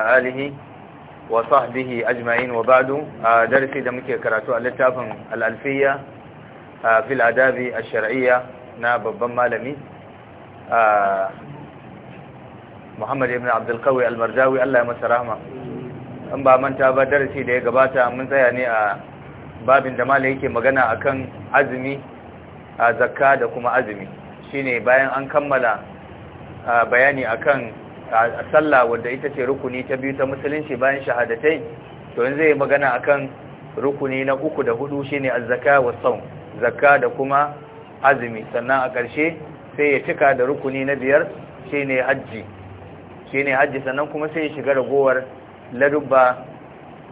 alihi wa sahbihi ajma'in wa ba'du a darasi da muke karatu a littafin al'alfiya a fil adabi ash na babban malami a Muhammad ibn Abd al-Qawi Allah ya masa rahma an ba manta ba darasi da ya gabata mun tsaya ne a babin da malami yake magana akan azumi a zakka da kuma azumi shine bayan an kammala bayani akan a sallah wadda ita ce rukuni ta biyu ta musulunci bayan shahadatai to yanzu zai magana akan rukuni na uku da hudu shine az wa sawm zakka da kuma azumi sannan a ƙarshe sai ya cika da rukuni na biyar shine hajji shine hajji sannan kuma sai ya shiga ragowar ladubba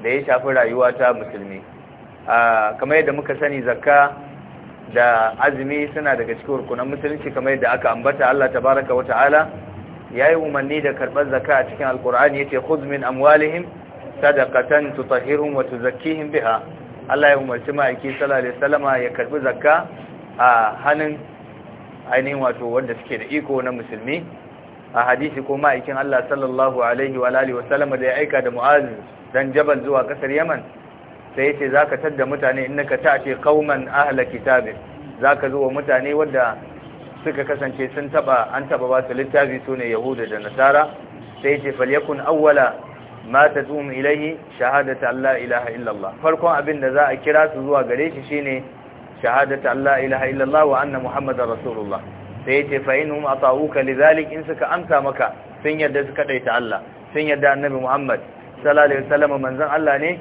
da ya shafi rayuwa ta musulmi kamar yadda muka sani zakka da azumi suna daga cikin rukunan musulunci kamar yadda aka ambata Allah tabaraka wa ta'ala yayi umarni da karɓar zakka a cikin alqur'ani yace khudh min amwalihim sadaqatan tutahhiruhum wa tuzakkihim biha Allah ya umarci ma'aiki sallallahu alaihi wasallama ya karbi zakka a hannun ainihin wato wanda suke da iko na musulmi a hadisi ko ma'aikin Allah sallallahu alaihi wa alihi wasallama da ya aika da Mu'az dan Jabal zuwa kasar Yaman sai yace zaka tadda mutane innaka ta'ti qauman ahla kitabin zaka zo wa mutane wanda suka kasance sun taba an taba ba su littafi su ne yahuda da nasara sai ce falyakun awwala ma tadum ilayhi shahadatu allah ilaha illallah farkon abin da za a kira su zuwa gare shi shine shahadatu allah ilaha illallah wa annan muhammadar rasulullah sai ce fa inhum ata'uka lidhalik in suka amsa maka sun yadda suka daita Allah sun yadda annabi muhammad sallallahu alaihi wasallam manzan Allah ne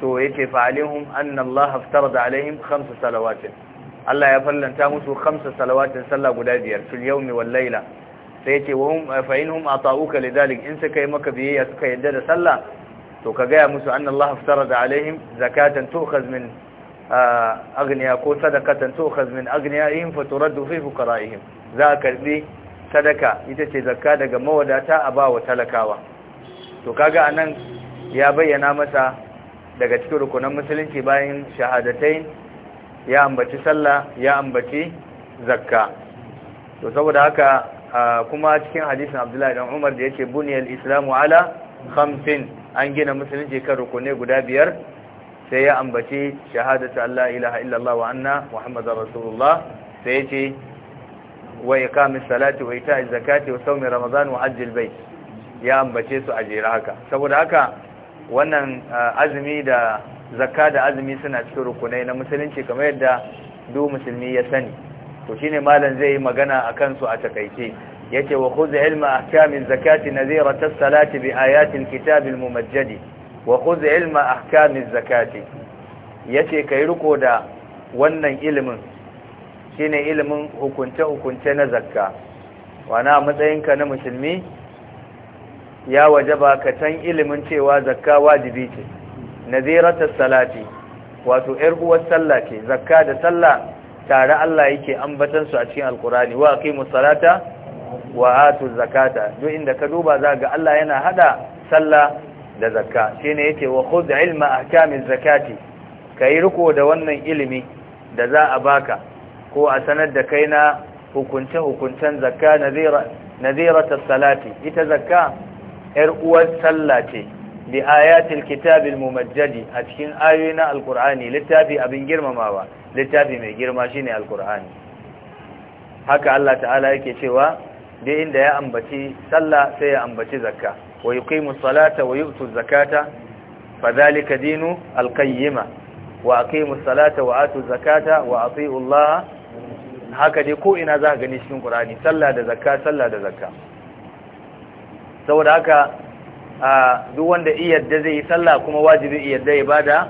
to yace fa alihum anna allah aftarada alaihim khams salawatin Allah ya fallanta musu khamsa salawatin sallah guda biyar fil yawmi wal layla sai yace wa hum fa inhum ata'uka lidhalik in suka yi maka biyayya suka yadda da sallah to ka gaya musu anna Allah da alaihim zakatan tu'khaz min agniya ko a tu'khaz min aghniyaihim faturaddu fi fuqaraihim za karbi sadaka ita ce zakka daga mawadata a ba wa talakawa to kaga anan ya bayyana masa daga cikin rukunan musulunci bayan shahadatain ya ambaci sallah ya ambaci zakka to saboda haka kuma cikin hadisin Abdullahi dan Umar da yake buniyal islamu ala khamsin an gina musulunci kan rukunai guda biyar sai ya ambaci shahadatu Allah ilaha illallah wa anna muhammadar rasulullah sai yace wa iqamis salati wa ita'i zakati wa sawmi ramadan wa hajjil bait ya ambace su a jira haka saboda haka wannan azumi da zakka da azumi suna cikin rukunai na musulunci kamar yadda duk musulmi ya sani to shine malam zai yi magana akan su a takaice yace wa khudh ilma ahkamiz zakati nazirata as-salati bi ayatil kitabil mumajjadi wa khudh ilma ahkamiz zakati yace kai ruko da wannan ilimin shine ilimin hukunce hukunce na zakka wana ka na musulmi ya wajaba ka san ilimin cewa zakka wajibi ce nazirata salati wato ƴar uwar sallah ke zakka da sallah tare Allah yake ambatan su a cikin alkurani wa aqimus salata wa atu zakata duk inda ka duba ga Allah yana hada sallah da zakka shine yake wa khudh ilma ahkamiz zakati kai riko da wannan ilimi da za a baka ko a sanar da kai na hukunce hukuncen zakka nazira nazirata salati ita zakka ƴar uwar sallah ce bi ayatil kitabil mumajjadi a cikin ayoyi na alkur'ani littafi abin girmamawa littafi mai girma shine alkur'ani haka Allah ta'ala yake cewa da inda ya ambaci sallah sai ya ambaci zakka wa yuqimu salata wa yu'tu zakata fadhalika dinu alqayyima wa aqimu salata wa atu zakata wa ati'u Allah haka dai ko ina za ka gani cikin Qur'ani sallah da zakka sallah da zakka saboda haka a duk wanda iyadda zai yi sallah kuma wajibin iyadda ya bada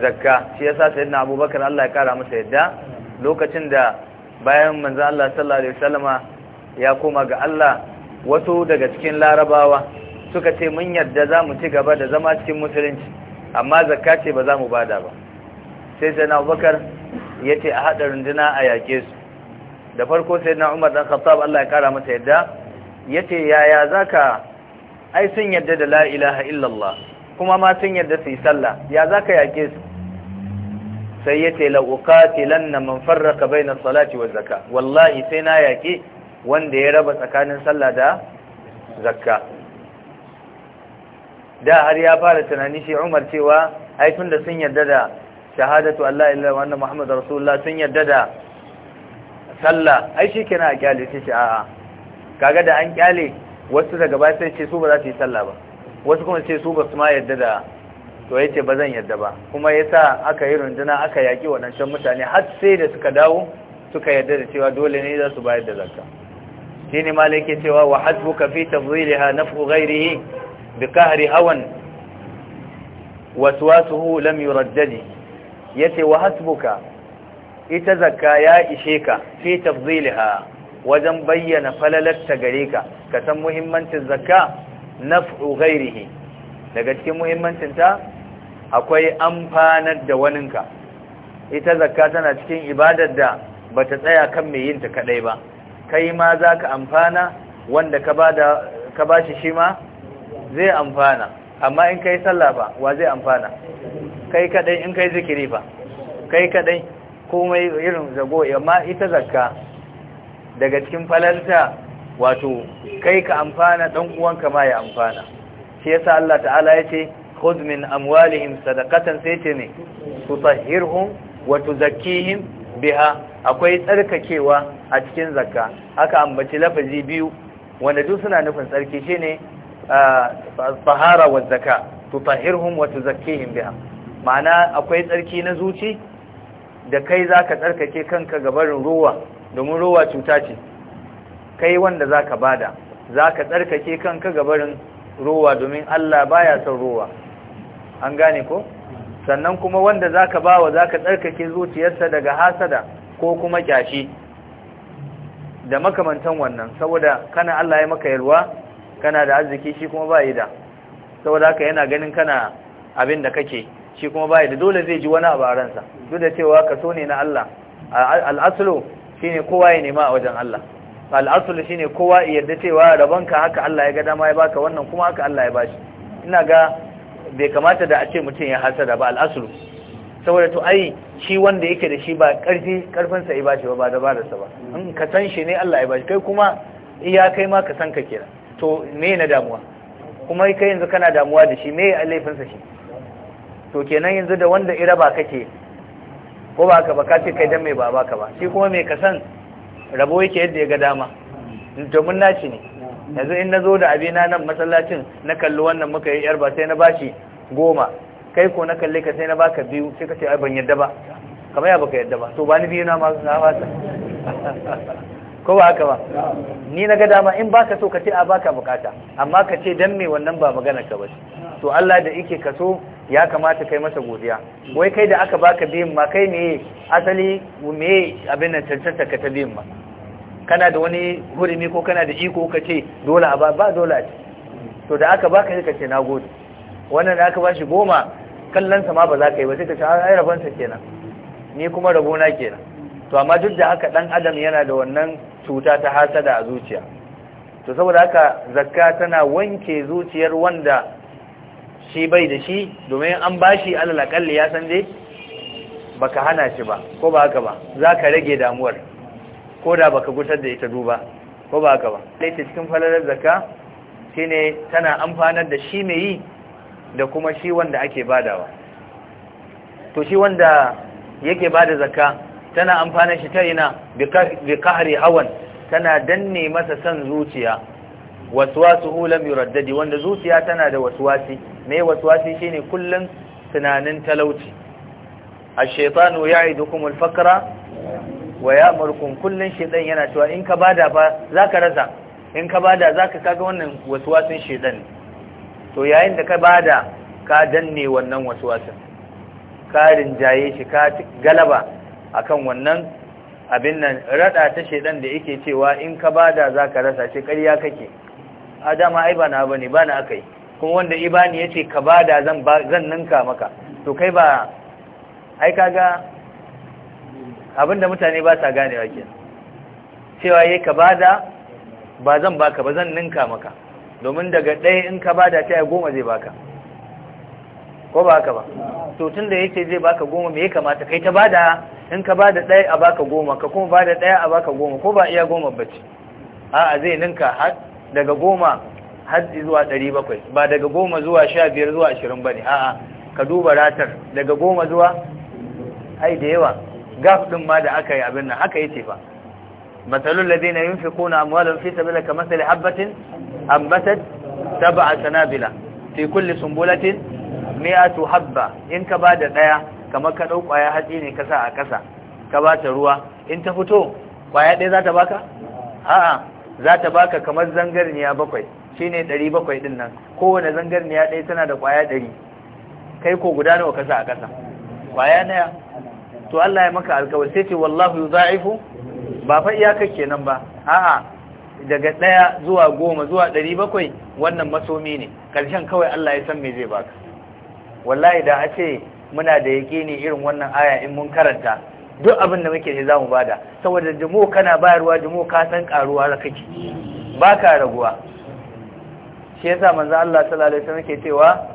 zakka shi yasa sayyidina abubakar Allah ya kara masa yadda lokacin da bayan manzo Allah sallallahu alaihi wasallama ya koma ga Allah wasu daga cikin larabawa suka ce mun yadda za mu ci gaba da zama cikin musulunci amma zakka ce ba za mu bada ba sai sayyidina abubakar ya ce a hada runduna a yaƙe su da farko sayyidina umar dan khattab Allah ya kara masa yadda yace yaya zaka ai sun yadda da la ilaha illallah kuma ma sun yadda su yi sallah ya za ka yake su sai ya ce la'uƙatilan na man farraka bai na salati wa zaka wallahi sai na yake wanda ya raba tsakanin sallah da zakka da har ya fara tunani shi umar cewa ai tun da sun yadda da shahadatu Allah illallah wa anna Muhammadar Rasulullah sun yadda da sallah ai shi kina a kyale shi a'a kaga da an kyale wasu daga baya sai ce su ba za su yi sallah ba wasu kuma ce su ba su ma yadda da to ya ce ba zan yadda ba kuma ya sa aka yi runduna aka yaƙi waɗancan mutane har sai da suka dawo suka yadda da cewa dole ne za su bayar da zakka shi ne malaki cewa wa hasbuka fi tafdhiliha naf'u ghayrihi bi qahri hawan waswasuhu lam ya yace wa hasbuka ita zakka ya ishe ka fi ha wajen bayyana falalatta gare ka ka san muhimmancin zakka naf'u ghairihi daga cikin muhimmancin ta akwai amfanar da waninka ita zakka tana cikin ibadar da bata tsaya kan me yin ta kadai ba kai ma zaka amfana wanda ka bada ka bashi shi ma zai amfana amma in kai sallah ba wa zai amfana kai kadai in kai zikiri ba kai kadai komai irin zago amma ita zakka daga cikin falalta wato kai ka amfana dan uwanka ma ya amfana shi yasa Allah ta'ala yace khudh min amwalihim sadaqatan sai ce ne tutahhirhum wa tuzakkihim biha akwai tsarkakewa a cikin zakka aka ambaci lafazi biyu wanda duk suna nufin tsarki shine tahara wa zakka tutahhirhum wa tuzakkihim biha ma'ana akwai tsarki na zuci da kai zaka tsarkake kanka gaban ruwa domin rowa cuta ce kai wanda zaka bada zaka tsarkake kanka gabarin rowa domin Allah baya son rowa an gane ko sannan kuma wanda zaka bawa zaka tsarkake zuciyarsa daga hasada ko kuma kyashi da makamantan wannan saboda kana Allah ya maka yalwa kana da arziki shi kuma ba yi da saboda haka yana ganin kana abin da kake shi kuma ba yi da dole zai ji wani abaransa a ransa duk da cewa kaso ne na Allah al'aslo. shine kowa ya nema a wajen Allah al'asul shine kowa ya yarda cewa rabonka haka Allah ya ga dama ya baka wannan kuma haka Allah ya bashi ina ga bai kamata da a ce mutum ya hasada ba al'asul saboda to ai shi wanda yake da shi ba karfi karfin sa ya bashi ba ba sa ba in ka san shi ne Allah ya bashi kai kuma iya kai ma ka san ka kira to me na damuwa kuma kai yanzu kana damuwa da shi me laifin sa shi to kenan yanzu da wanda ba kake ko ba ka ba ka ce kai dan mai ba ka ba shi kuma mai kasan rabo yake yadda ya ga dama domin naci ne yanzu in na zo da abina nan masallacin na kalli wannan muka yi yar ba sai na bashi goma kai ko na kalli ka sai na baka biyu sai ka ce ai ban yadda ba kamar ya baka yadda ba to ba ni biyu na ma na fata ko ba haka ba ni na ga dama in baka so ka ce a baka bukata amma ka ce dan me wannan ba magana ka bace to Allah da yake so ya kamata kai masa godiya wai kai da aka baka biyan ma kai ne asali me abin nan tantance ka ta biyan ma kana da wani hurumi ko kana da iko ka ce dole a ba ba dole a ce to da aka baka sai ka ce nagode wannan da aka bashi goma kallon ma ba za ka yi ba sai ka ce ai rabansa kenan ni kuma rabona kenan to amma duk da haka dan adam yana da wannan cuta ta hasada a zuciya to saboda haka zakka tana wanke zuciyar wanda shi bai da shi domin an bashi alal akalli ya san dai baka hana shi ba ko ba haka ba zaka rage damuwar ko da baka gutar da ita duba ko ba haka ba sai cikin falalar zakka shine tana amfanar da shi mai yi da kuma shi wanda ake badawa to shi wanda yake bada zakka tana amfana shi ta ina bi kahri hawan tana danne masa san zuciya waswasuhu lam yuraddadi wanda zuciya tana da waswasi me waswasi shine kullun tunanin talauci ash-shaytanu ya'idukum al-faqra wa ya'murukum kullun shaytan yana cewa in ka bada fa zaka rasa in ka bada zaka kaga wannan waswasin shaytan to yayin da ka bada ka danne wannan waswasin ka rinjaye shi ka galaba akan wannan abin nan rada ta shedan da yake cewa in ka bada zaka rasa ce ƙarya kake a dama ai bana bane na akai kuma wanda ibani yace ka bada zan zan ninka maka to kai ba ai kaga da mutane ba sa ganewa ke cewa yayi ka bada ba zan baka ba zan ninka maka domin daga ɗaya in ka bada ta goma zai baka ko ba haka ba to tun da yace zai baka goma me ya kamata kai ta bada in ka bada ɗaya a baka goma ka kuma bada ɗaya a baka goma ko ba iya goma bace a'a zai ninka har daga goma har zuwa ɗari bakwai ba daga goma zuwa sha biyar zuwa ashirin ba ne a'a ka duba ratar daga goma zuwa ai da yawa gaf ɗin ma da aka yi abin nan haka yace ba matsalul ladina yunfiquna amwalan fi sabila kamathali habatin ambatat sab'a sanabila fi kulli sumbulatin mi'atu habba in ka ba da ɗaya kamar ka dau ƙwaya hatsi ne kasa a kasa ka ba ta ruwa in ta fito ƙwaya ɗaya za ta baka? a'a za ta baka kamar zangarniya bakwai shine ɗari bakwai ɗin nan kowane zangarniya ɗaya tana da ƙwaya ɗari kai ko guda nawa kasa a kasa. ƙwaya naya? to Allah ya maka alkawar sai ce wallahu yudha'ifu ba fa iyaka kenan ba a'a daga ɗaya zuwa goma zuwa ɗari bakwai wannan masomi ne ƙarshen kawai Allah ya san me zai baka wallahi da a ce muna da ne irin wannan aya in mun karanta duk abin da muke ne za mu bada saboda jimo kana bayarwa jimo ka san karuwa da kake ba ka raguwa shi yasa manzo Allah sallallahu alaihi wasallam ke cewa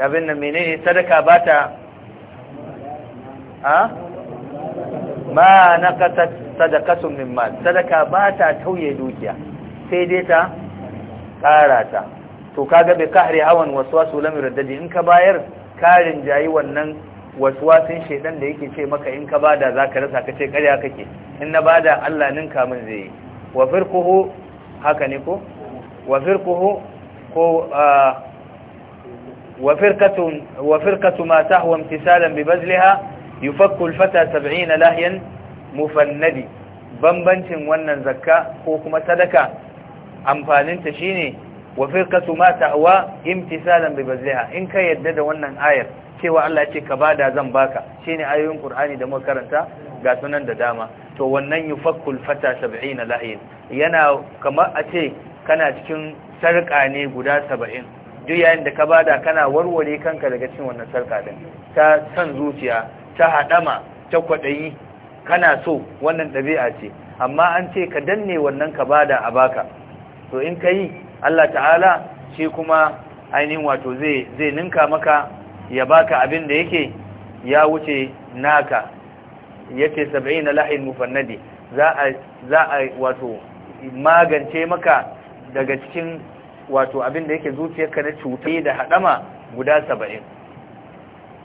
abin nan menene sadaka ba ta a ma naqatat sadaqatu min mal sadaka ba ta tauye dukiya sai dai ta ƙara ta to kaga bai kahri hawan waswasu lam yurdaji in ka bayar karin jayi wannan waswasin shedan da yake ce maka in ka bada zaka rasa ka ce ƙarya kake in na bada Allah ninka min zai wa firquhu haka ne ko wa firquhu ko wa firqatun wa firqatu ma tahwa imtisalan bi bazliha yufakku 70 lahyan mufannadi bambancin wannan zakka ko kuma sadaka amfaninta shine wa firqatu ma ta'wa imtisalan bi bazliha in ka yadda da wannan ayar cewa Allah yake ce ka bada zan baka shine ayoyin Qur'ani da muka karanta ga sunan da dama to wannan yufakkul fata 70 lahin yana kamar a ce kana cikin sarka ne guda 70 duk yayin da ka bada kana warware kanka daga cikin wannan sarka din ta san zuciya ta hadama ta kwadayi kana so wannan dabi'a ce amma an ce ka danne wannan ka bada a baka to in ka Allah ta'ala shi kuma ainihin wato zai zai ninka maka ya baka abin da yake ya wuce naka yace 70 lahin mufannadi za a za a wato magance maka daga cikin wato abin da yake zuciyarka na cuti da hadama guda 70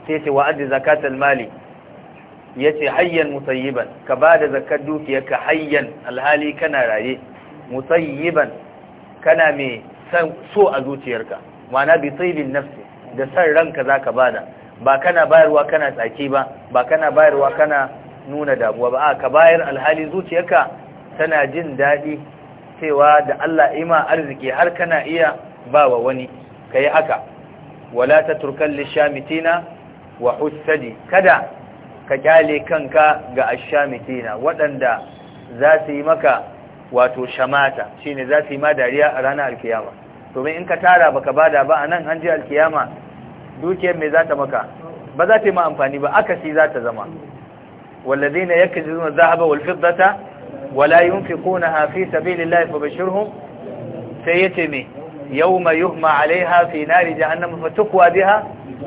sai ce wa'adi zakatul mali yace hayyan mutayyiban ka bada zakat dukiyarka hayyan alhali kana raye mutayyiban kana mai san so a zuciyarka ma'ana bi tsibin nafsi da san ranka zaka bada ba kana bayarwa kana tsaki ba ba kana bayarwa kana nuna damuwa ba a ka bayar alhali zuciyarka tana jin daɗi cewa da Allah ima arziki har kana iya ba wa wani ka yi haka wala ta turkan lishamitina wa hussadi kada ka kyale kanka ga ashamitina waɗanda za su yi maka wato shamata shine za su ma dariya a ranar alkiyama domin in ka tara baka bada ba a nan hanji alkiyama dukiyar mai za maka ba za ma amfani ba akasi za ta zama wallazi na yake ji zuwa zahaba walfir zata wala yi unfi kuna hafi sabi lillahi fa bashir sai ya ce mai yau ma yi ma alai hafi na rija an nan mafi tukwa biya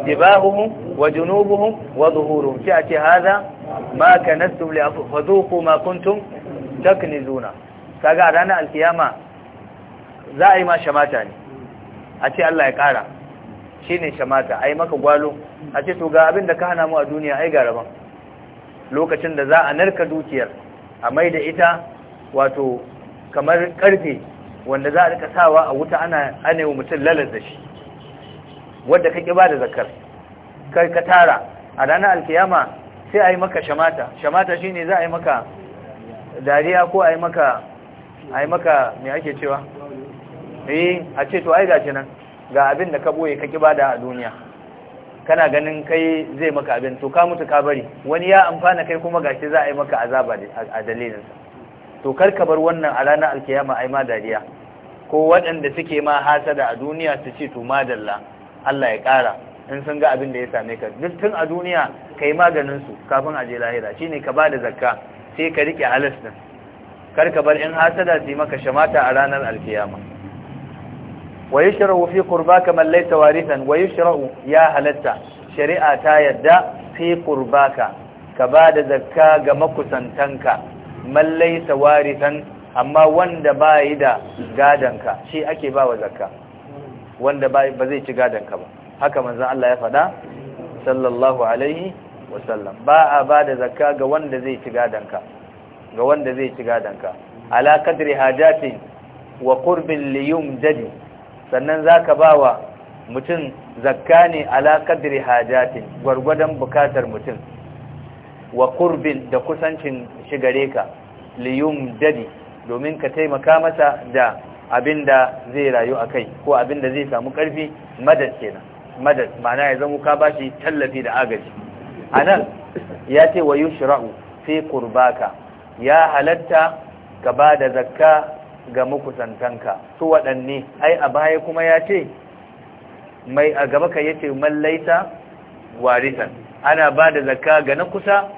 dibahuhun wa junubuhun wa zuhuruhun ki a ce haza ma ka nastu li afu fa zuku ma kuntum kaga a ranar alkiyama za a yi ma shamata ne a ce Allah ya ƙara shi ne shamata a yi maka gwalo a ce to ga abin da ka hana mu a duniya ai ga rabon lokacin da za a narka dukiyar a mai da ita wato kamar karfe wanda za a rika sawa a wuta ana anewa mutum lalar da shi wadda ka ƙi ba da zakar kai ka tara a ranar alkiyama sai a yi maka shamata shamata shi ne za a yi maka dariya ko a yi maka ai maka me ake cewa eh a ce to ai gashi nan ga abin da ka boye ka bada a duniya kana ganin kai zai maka abin to ka mutu ka bari wani ya amfana kai kuma gashi za a yi maka azaba a dalilin sa to kar ka bar wannan a ranar alkiyama yi ma dariya ko waɗanda suke ma hasada a duniya su ce to madalla Allah ya ƙara in sun ga abin da ya same ka duk tun a duniya kai maganin su kafin a je lahira shine ka bada zakka sai ka rike halas din Karka ka bar in hasada su maka shamata a ranar alfiyama. wa yushra'u fi kurba man laysa warithan wa yushra'u ya halatta shari'a ta yadda fi kurba ka Ka ba da zakka ga makusantanka Mallai laysa amma wanda ba bai da gadanka shi ake bawa zakka wanda ba zai ci gadanka ba haka manzon Allah ya faɗa sallallahu alaihi wasallam ba a ba da zakka ga wanda zai ci gadanka ga wanda zai ci gadanka ala kadri hajatin wa qurbin liyum jadi sannan zaka bawa mutum zakkani ne ala kadri hajatin gwargwadon bukatar mutum wa qurbin da kusancin shigare ka liyum jadi domin ka taimaka masa da abinda zai rayu akai ko abinda zai samu karfi madad kenan madad ma'ana ya zama ka bashi tallafi da agaji anan ya ce wa yushra'u fi qurbaka ya halatta ka ba da zakka ga makusantanka su waɗanne ai a baya kuma ya ce mai a gaba ka yace mallaita warisan ana ba da zakka ga na kusa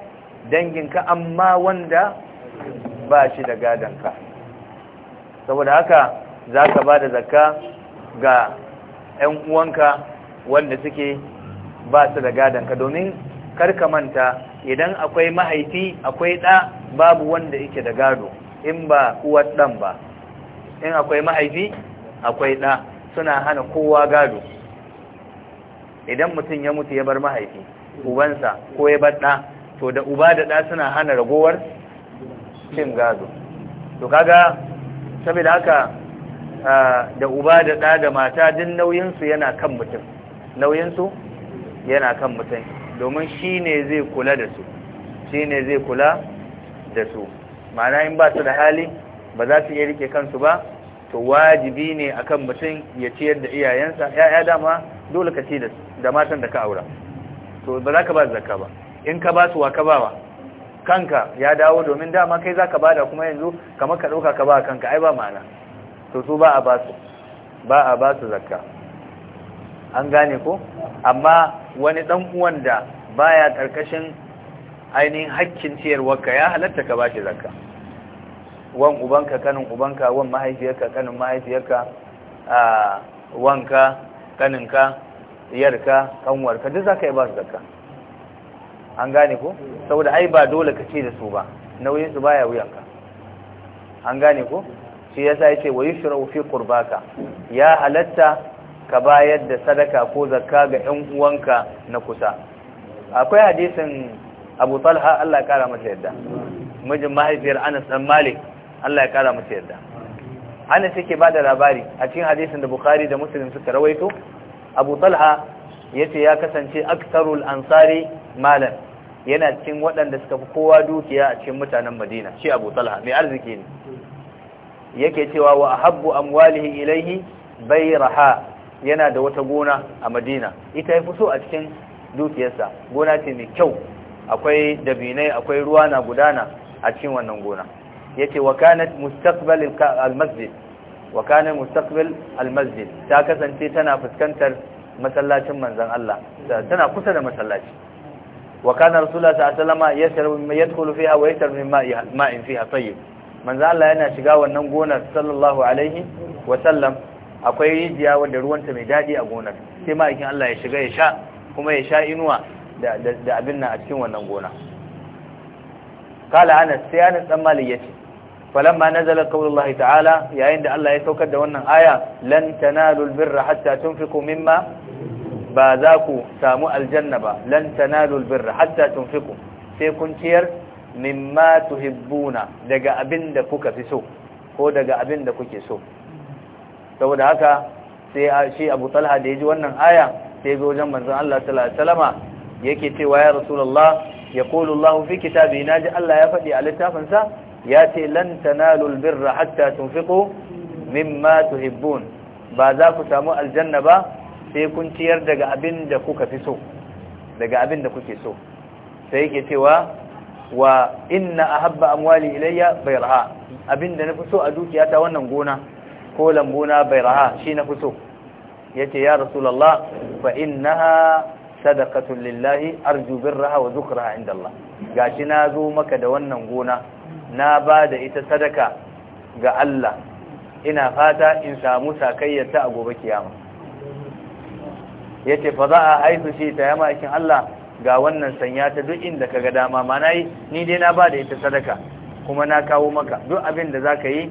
danginka amma wanda ba shi da gadonka saboda haka za ka ba da zakka ga 'yan uwanka wanda suke ba su da gadonka domin karka manta idan akwai mahaifi akwai ɗa babu wanda yake da gado in ba uwar dan ba in akwai mahaifi akwai ɗa suna hana kowa gado idan mutum ya mutu ya bar mahaifi ubansa ko ya bar ɗa to da uba da ɗa suna hana ragowar cin gado to kaga saboda haka da uba da ɗa da mata din nauyinsu yana kan mutum nauyinsu yana kan mutum domin shi ne zai kula da su shi ne zai kula da su ma'ana in ba su da hali ba za su iya rike kansu ba to wajibi ne akan mutum ya ciyar da iyayensa ya'ya dama dole ka ci da matan da ka aura to ba za ka ba zakka ba in ka ba su wa ka ba wa kanka ya dawo domin dama kai za ka ba da kuma yanzu kamar ka ɗauka ka ba kanka ai ba ma'ana to su ba a ba su ba a ba su zakka an gane ko amma wani ɗan uwan da baya ƙarƙashin ainihin hakkin ciyarwarka ya halatta ka bashi zakka wan ubanka kanin ubanka wan mahaifiyarka kanin mahaifiyarka a wanka kaninka yarka kanwarka duk zaka yi ba su zakka an gane ko saboda ai ba dole ka ce da su ba nauyin su baya wuyanka an gane ko shi yasa yace wa yushrau fi qurbaka ya halatta ka bayar da sadaka ko zakka ga ƴan uwanka na kusa akwai hadisin abu talha Allah ya kara masa yadda mijin mahaifiyar anas dan malik Allah ya kara masa yadda anas yake bada labari a cikin hadisin da bukhari da muslim suka rawaito abu talha yace ya kasance aktarul ansari malan yana cikin waɗanda suka fi kowa dukiya a cikin mutanen madina shi abu talha mai arziki ne yake cewa wa ahabbu amwalihi ilaihi bayraha yana da wata gona a madina ita yafi so a cikin dukiyarsa gona ce mai kyau akwai dabinai akwai ruwa na gudana a cikin wannan gona yace wa kanat mustaqbal al-masjid wa kana mustaqbal al ta kasance tana fuskantar masallacin manzon Allah tana kusa da masallaci wa kana rasulullahi sallallahu alaihi wasallam yadkhulu fiha wa yashrabu min ma'in fiha tayyib manzon Allah yana shiga wannan gonar sallallahu alaihi wa sallam akwai rijiya wanda ruwanta mai dadi a gonar sai ma'aikin Allah ya shiga ya sha kuma ya sha inuwa da abin nan a cikin wannan gona kala anas sai anas dan malik yace falamma nazala qaulullahi ta'ala yayin da Allah ya saukar da wannan aya lan tanalul birra hatta tunfiqu mimma ba za ku samu aljanna ba lan tanalul birra hatta tunfiqu sai kun ciyar mimma tuhibbuna daga abin da kuka fi so ko daga abin da kuke so saboda haka sai shi Abu Talha da yaji wannan aya sai zo wajen manzon Allah sallallahu alaihi wasallama yake cewa ya rasulullah yaqulu Allah fi kitabi naji Allah ya faɗi a littafin sa ya ce lan tanalul birra hatta tunfiqu mimma tuhibbun ba za ku samu aljanna ba sai kun ciyar daga abin da kuka fi so daga abin da kuke so sai yake cewa wa inna ahabba amwali ilayya bayraha abin nafi so a dukiyata wannan gona ko lambuna bayraha shi nafi so yace ya rasulullah fa innaha sadaqatun lillahi arju birraha wa zukraha inda Allah gashi na zo maka da wannan gona na bada ita sadaka ga Allah ina fata in samu sakayyata a gobe kiyama yace fa za a haifu shi ta yama kin Allah ga wannan sanya ta duk inda kaga dama mana yi ni dai na bada ita sadaka kuma na kawo maka duk abin da zaka yi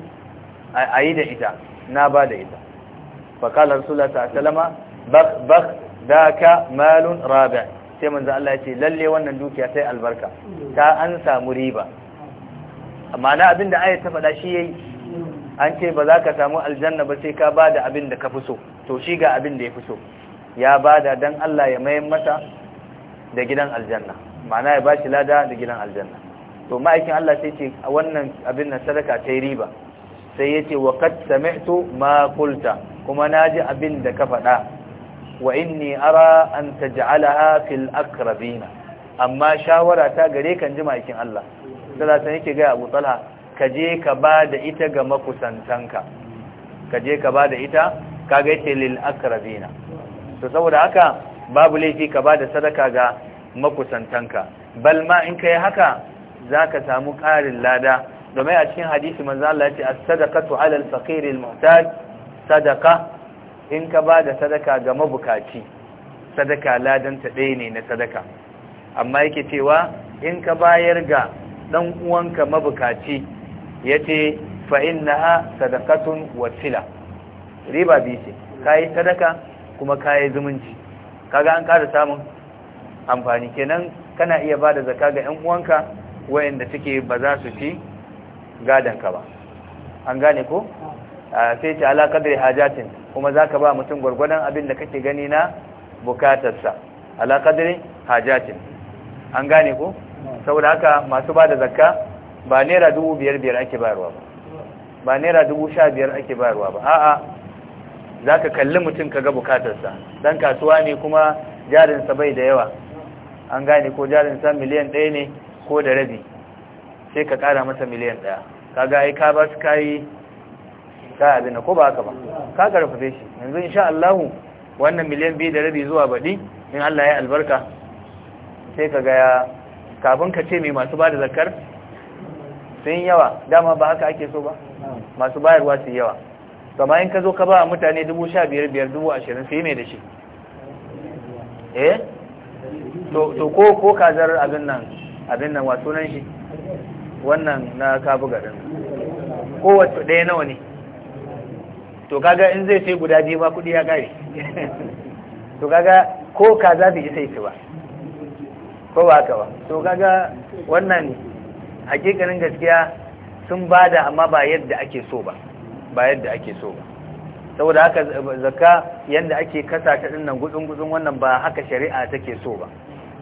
ayi da ita na bada ita fa qala rasulullahi sallallahu alaihi wasallam bak bak daka malun rabi' sai manzo Allah ya ce lalle wannan dukiya sai albarka ta an samu riba amma na abin da ayat ta faɗa shi yayi an ce ba za ka samu aljanna ba sai ka bada abin da ka fi so to shi ga abin da ya fi so ya bada dan Allah ya mayan mata da gidan aljanna ma'ana ya bashi lada da gidan aljanna to ma'aikin Allah sai ce wannan abin nan sadaka ta riba sai yace wa qad sami'tu ma qulta kuma naji abin da ka faɗa wa inni ara an taj'alaha fil aqrabina amma shawara ta gare kan ji Allah salatan yake ga Abu Talha ka je ka bada ita ga makusantanka ka je ka bada ita kaga lil aqrabina to saboda haka babu laifi ka bada sadaka ga makusantanka bal ma in kai haka zaka samu ƙarin lada domin a cikin hadisi manzo Allah ya ce as-sadaqatu 'ala al-faqir al-muhtaj sadaqa in ka ba da sadaka ga mabukaci sadaka ladanta ɗaya ne na sadaka amma yake cewa in ka bayar ga ɗan uwanka mabukaci ya ce fa'in na sadakatun wasila riba biyu ce ka yi sadaka kuma ka yi zumunci kaga an kada samun amfani kenan kana iya ba da zaka ga ‘yan uwanka wayanda suke ba za su ci gadonka ba an gane ko? Ah, sai ce alaƙadar hajjatinsu kuma za ka ba mutum gwargwadon abin da kake gani na bukatarsa ala qadri an gane ku saboda haka masu ba da zakka ba naira dubu biyar biyar ake bayarwa ba ba naira dubu sha biyar ake bayarwa ba a'a za ka kalli mutum ka ga bukatarsa don kasuwa ne kuma jarinsa bai da yawa an gane ko jarinsa miliyan ɗaya ne ko da rabi sai ka ƙara masa miliyan ɗaya kaga ai ka ba su kayi ka abin ko ba haka ba ka karfafe shi yanzu insha Allah wannan miliyan biyu da rabi zuwa baɗi in Allah ya albarka sai ka gaya kafin ka ce mai masu ba da zakar sun yawa dama ba haka ake so ba masu bayarwa su yawa kama in ka zo ka ba mutane dubu sha biyar biyar dubu ashirin yi mai da shi eh to ko ko kazar abin nan abin nan wato nan shi wannan na kabu garin kowace ɗaya nawa ne to kaga in zai sai guda biyu ma kudi ya kare to kaga ko ka za su isa ita ba ko ba ka ba to kaga wannan hakikanin gaskiya sun bada amma ba yadda ake so ba ba yadda ake so ba saboda haka zakka yadda ake kasa ta dinnan gudun gudun wannan ba haka shari'a take so ba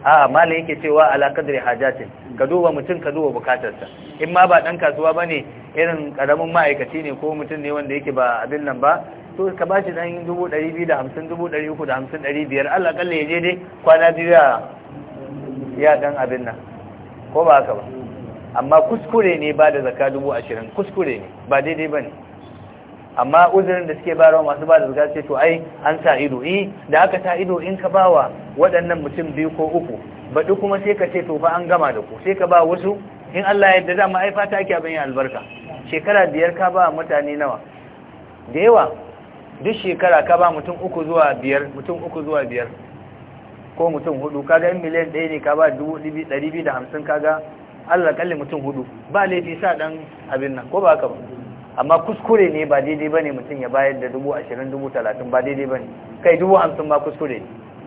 a malai yake cewa ala kadri hajatin ka duba mutum ka duba bukatarsa in ma ba dan kasuwa bane irin karamin ma'aikaci ne ko mutum ne wanda yake ba abin nan ba to ka ba shi dan 250 hamsin 500 Allah kalle ya je dai kwana biyu ya dan abin nan ko ba haka ba amma kuskure ne ba da dubu 20 kuskure ne ba daidai bane amma uzurin da suke bayarwa masu ba da zuga ce to ai an sa ido eh da aka sa ido in ka bawa waɗannan mutum biyu ko uku baɗi kuma sai ka ce to fa an gama da ku sai ka ba wasu in Allah ya yarda dama ai fata ake abin albarka shekara biyar ka ba mutane nawa da yawa duk shekara ka ba mutum uku zuwa biyar mutum uku zuwa biyar ko mutum hudu kaga ga miliyan ɗaya ne ka ba dubu ɗari biyu da hamsin kaga Allah kalli mutum hudu ba laifi sa ɗan abin nan ko ba haka ba amma kuskure ne ba daidai ba ne mutum ya bayar da dubu ashirin dubu talatin ba daidai ba ne kai dubu hamsin ma kuskure ne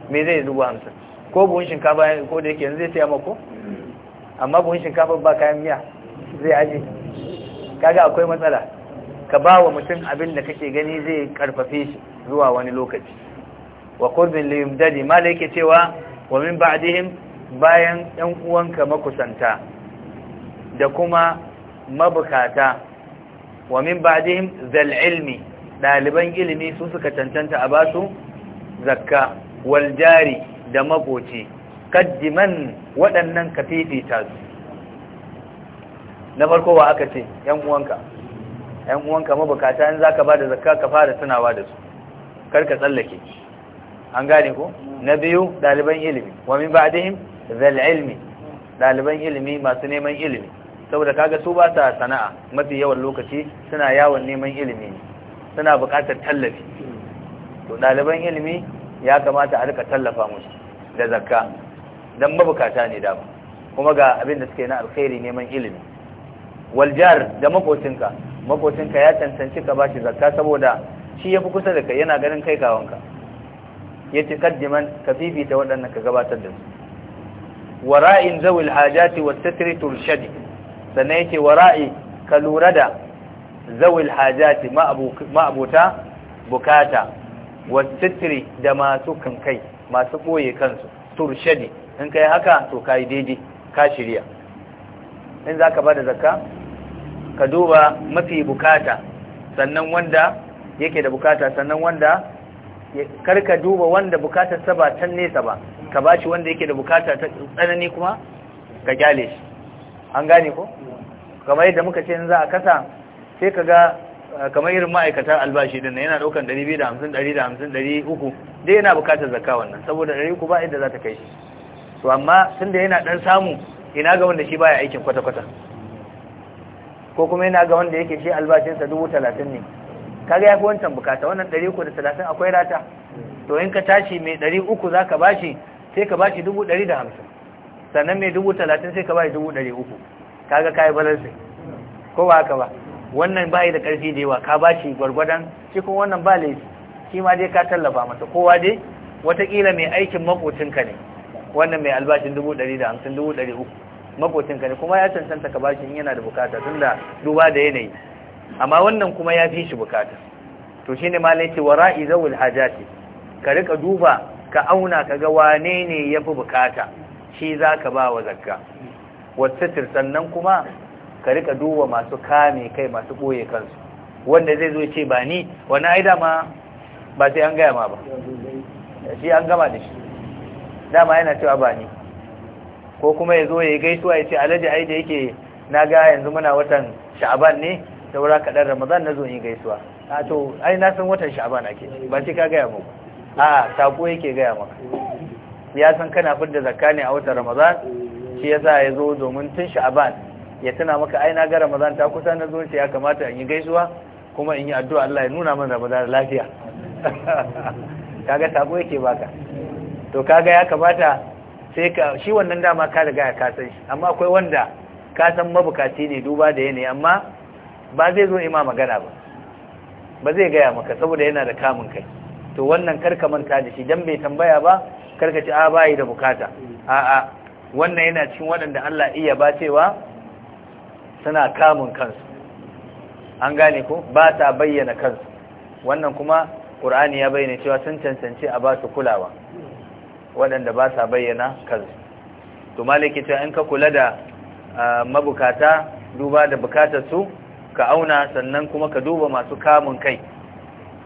me zai dubu hamsin ko buhun shinkafa ko da yake yanzu zai siya mako amma buhun shinkafa ba kayan miya zai aje kaga akwai matsala ka ba wa mutum abin da kake gani zai karfafe shi zuwa wani lokaci wa qurbin li yumdadi mala yake cewa wa min ba'dihim bayan yan uwanka makusanta da kuma mabukata wa min ba'dihim zal ilmi daliban ilimi su suka cancanta a basu zakka wal jari da makoci kaddiman waɗannan ka su na farko wa aka ce yan uwanka yan uwanka mabukata in zaka bada zakka ka fara tunawa da su kar ka tsallake an gane ko na biyu daliban ilimi wa min ba'dihim zal ilmi daliban ilimi masu neman ilimi saboda kaga su ba ta sana'a mafi yawan lokaci suna yawon neman ilimi suna buƙatar tallafi to ɗaliban ilimi ya kamata a rika tallafa musu da zakka don mabukata ne dama kuma ga abin da suke na alkhairi neman ilimi waljar da makocinka makocinka ya cancanci ka bashi zakka saboda shi ya fi kusa da kai yana ganin kai kawanka ya ci kaddiman ka fifita waɗannan ka gabatar da su wara'in zawil hajati wa satri turshadi sannan yake ra'i ka lura da zawil hajati ma'abuta bukata wasitri da masu kankai masu ɓoye kansu turshadi in kai haka to ka yi daidai ka shirya in za ka ba da zakka ka duba mafi bukata sannan wanda yake da bukata sannan wanda kar ka duba wanda ta ba tan nesa ba ka ba shi wanda yake da bukata ta tsanani kuma ka gyale shi an gane ko kamar yadda muka ce in za a kasa sai ka ga eh, kamar irin ma'aikatar albashi din yana daukan 250 150 uku dai yana bukatar zakka wannan saboda 300 ba yadda za ta kai shi to amma tunda yana dan samu ina ga wanda shi baya aikin kwata-kwata ko kuma yana ga wanda yake shi albashinsa talatin ne kaga ya fi wancan bukata wannan 330 akwai rata to in ka tashi mai 300 za ka bashi sai ka bashi 150 sannan mai dubu talatin sai ka bai dubu ɗari uku kaga kayi balansi ko ba haka ba wannan bai da ƙarfi da yawa ka ba shi gwargwadon cikin kuma wannan ba laifi shi ma dai ka tallafa masa kowa dai watakila mai aikin makocinka ne wannan mai albashin dubu ɗari da hamsin dubu ɗari uku makocinka ne kuma ya cancanta ka bashi in yana da bukata tun da duba da yanayi amma wannan kuma ya fi shi bukata to shi ne malai ce wa ra'i zawul hajati ka rika duba ka auna ka ga wane ne ya fi bukata shi za ka ba wa zakka wasitir sannan kuma ka rika duba masu kame kai masu ɓoye kansu wanda zai zo ce ba ni wani aida ma ba sai an gaya ma ba shi an gama da shi dama yana cewa ba ni ko kuma ya zo ya yi gaisuwa ya ce alhaji ai da yake na ga yanzu muna watan sha'aban ne saura kaɗan ramadan na zo yi gaisuwa a to ai na san watan sha'aban ake ba sai ka gaya muku a sako yake gaya maka ya san kana fidda zakka ne a watan Ramadan shi yasa ya zo domin tun Sha'ban ya tuna maka aina ga Ramadan ta kusa na zo ya kamata in yi gaisuwa kuma in yi addu'a Allah ya nuna min Ramadan lafiya kaga sako yake baka to kaga ya kamata sai ka shi wannan dama ka riga ka san shi amma akwai wanda ka san mabukaci ne duba da yanayi amma ba zai zo ima magana ba ba zai gaya maka saboda yana da kamun kai to wannan karka manta da shi dan bai tambaya ba karka ci a ah, bayi da bukata a'a wannan yana cikin waɗanda Allah iya ba cewa suna kamun kansu an gane ku ba ta bayyana kansu wannan kuma ƙur'ani ya bayyana cewa sun cancanci a ba su kulawa waɗanda ba sa bayyana kansu to malaki cewa in ka kula da mabukata duba da bukatar su ka auna sannan kuma ka duba masu kamun kai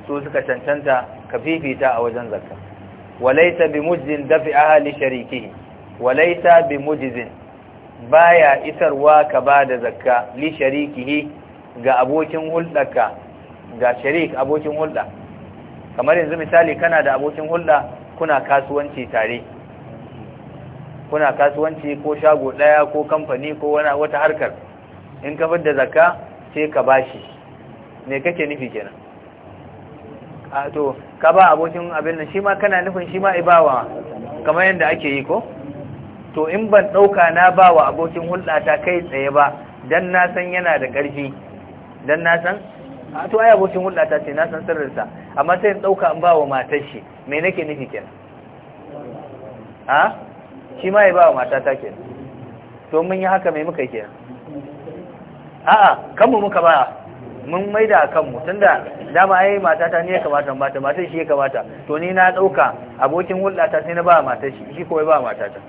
su suka cancanta ka fifita a wajen zakka walaita bi mujizin dafi ahali sharikihi walaita bi mujizin baya isarwa ka ba da zakka li sharikihi ga abokin hulɗarka ga sharik abokin hulɗa kamar yanzu misali kana da abokin hulɗa kuna kasuwanci tare kuna kasuwanci ko shago ɗaya ko kamfani ko wata harkar in ka da zakka sai ka bashi me kake nufi kenan a to ka ba abokin abin nan shi ma kana nufin shi ma ibawa kamar yadda ake yi ko to in ban ɗauka na ba wa abokin hulɗa ta kai tsaye ba dan na san yana da ƙarfi dan na san a to ai abokin hulɗa ta ce na san sirrinsa amma sai in ɗauka in ba wa matar shi me nake nufi ke a shi ma ya ba wa matata kenan to mun yi haka mai muka ke? a'a kanmu muka ba mun maida a kanmu tunda dama ai matata ne ya kamata mata matan shi ya kamata to ni na ɗauka abokin hulɗata sai na ba matar shi shi kawai ba matata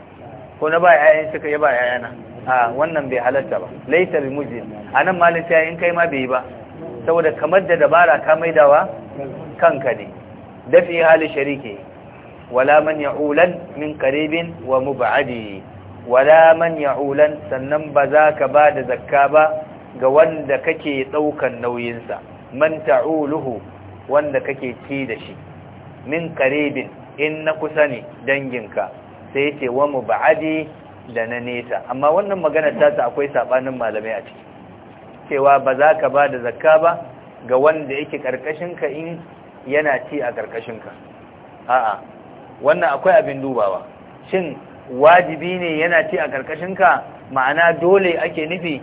ko na ba yayan suka ya ba yayana a wannan bai halatta ba laita bi mujin anan malin sai in kai ma bai yi ba saboda kamar da dabara ka maidawa kanka ne dafi hali sharike wala man ya'ulan min qaribin wa mub'adi wala man ya'ulan sannan ba za ka ba da zakka ba ga wanda kake ɗaukan nauyinsa man ta'uluhu wanda kake ci da shi min qaribin in na kusa ne danginka sai ce wa ba'adi da na nesa amma wannan magana ta ta akwai sabanin malamai a ciki cewa ba za ka ba da zakka ba ga wanda yake ƙarƙashinka in yana ci a ƙarƙashinka a'a wannan akwai abin dubawa shin wajibi ne yana ci a ƙarƙashinka ma'ana dole ake nufi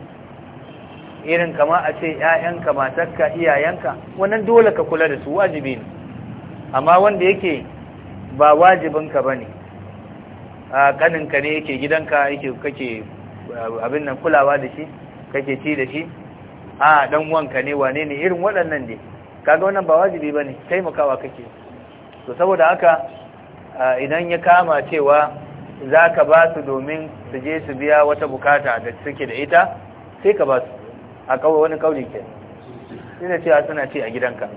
irin kama a ce ‘ya'yanka matarka iyayenka wannan dole ka kula da su wajibi ne amma wanda yake ba wajibinka ba ne a ƙaninka ne yake gidanka yake kake abin nan kulawa da shi kake ci da shi a ɗan wanka ne wane ne irin waɗannan ne kaga wannan ba wajibi ba ne taimakawa kake to saboda haka idan ya kama cewa za ka ba su domin su je su biya wata bukata da suke da ita sai ka ba su a kawai wani kauli ke sai cewa suna ce a gidanka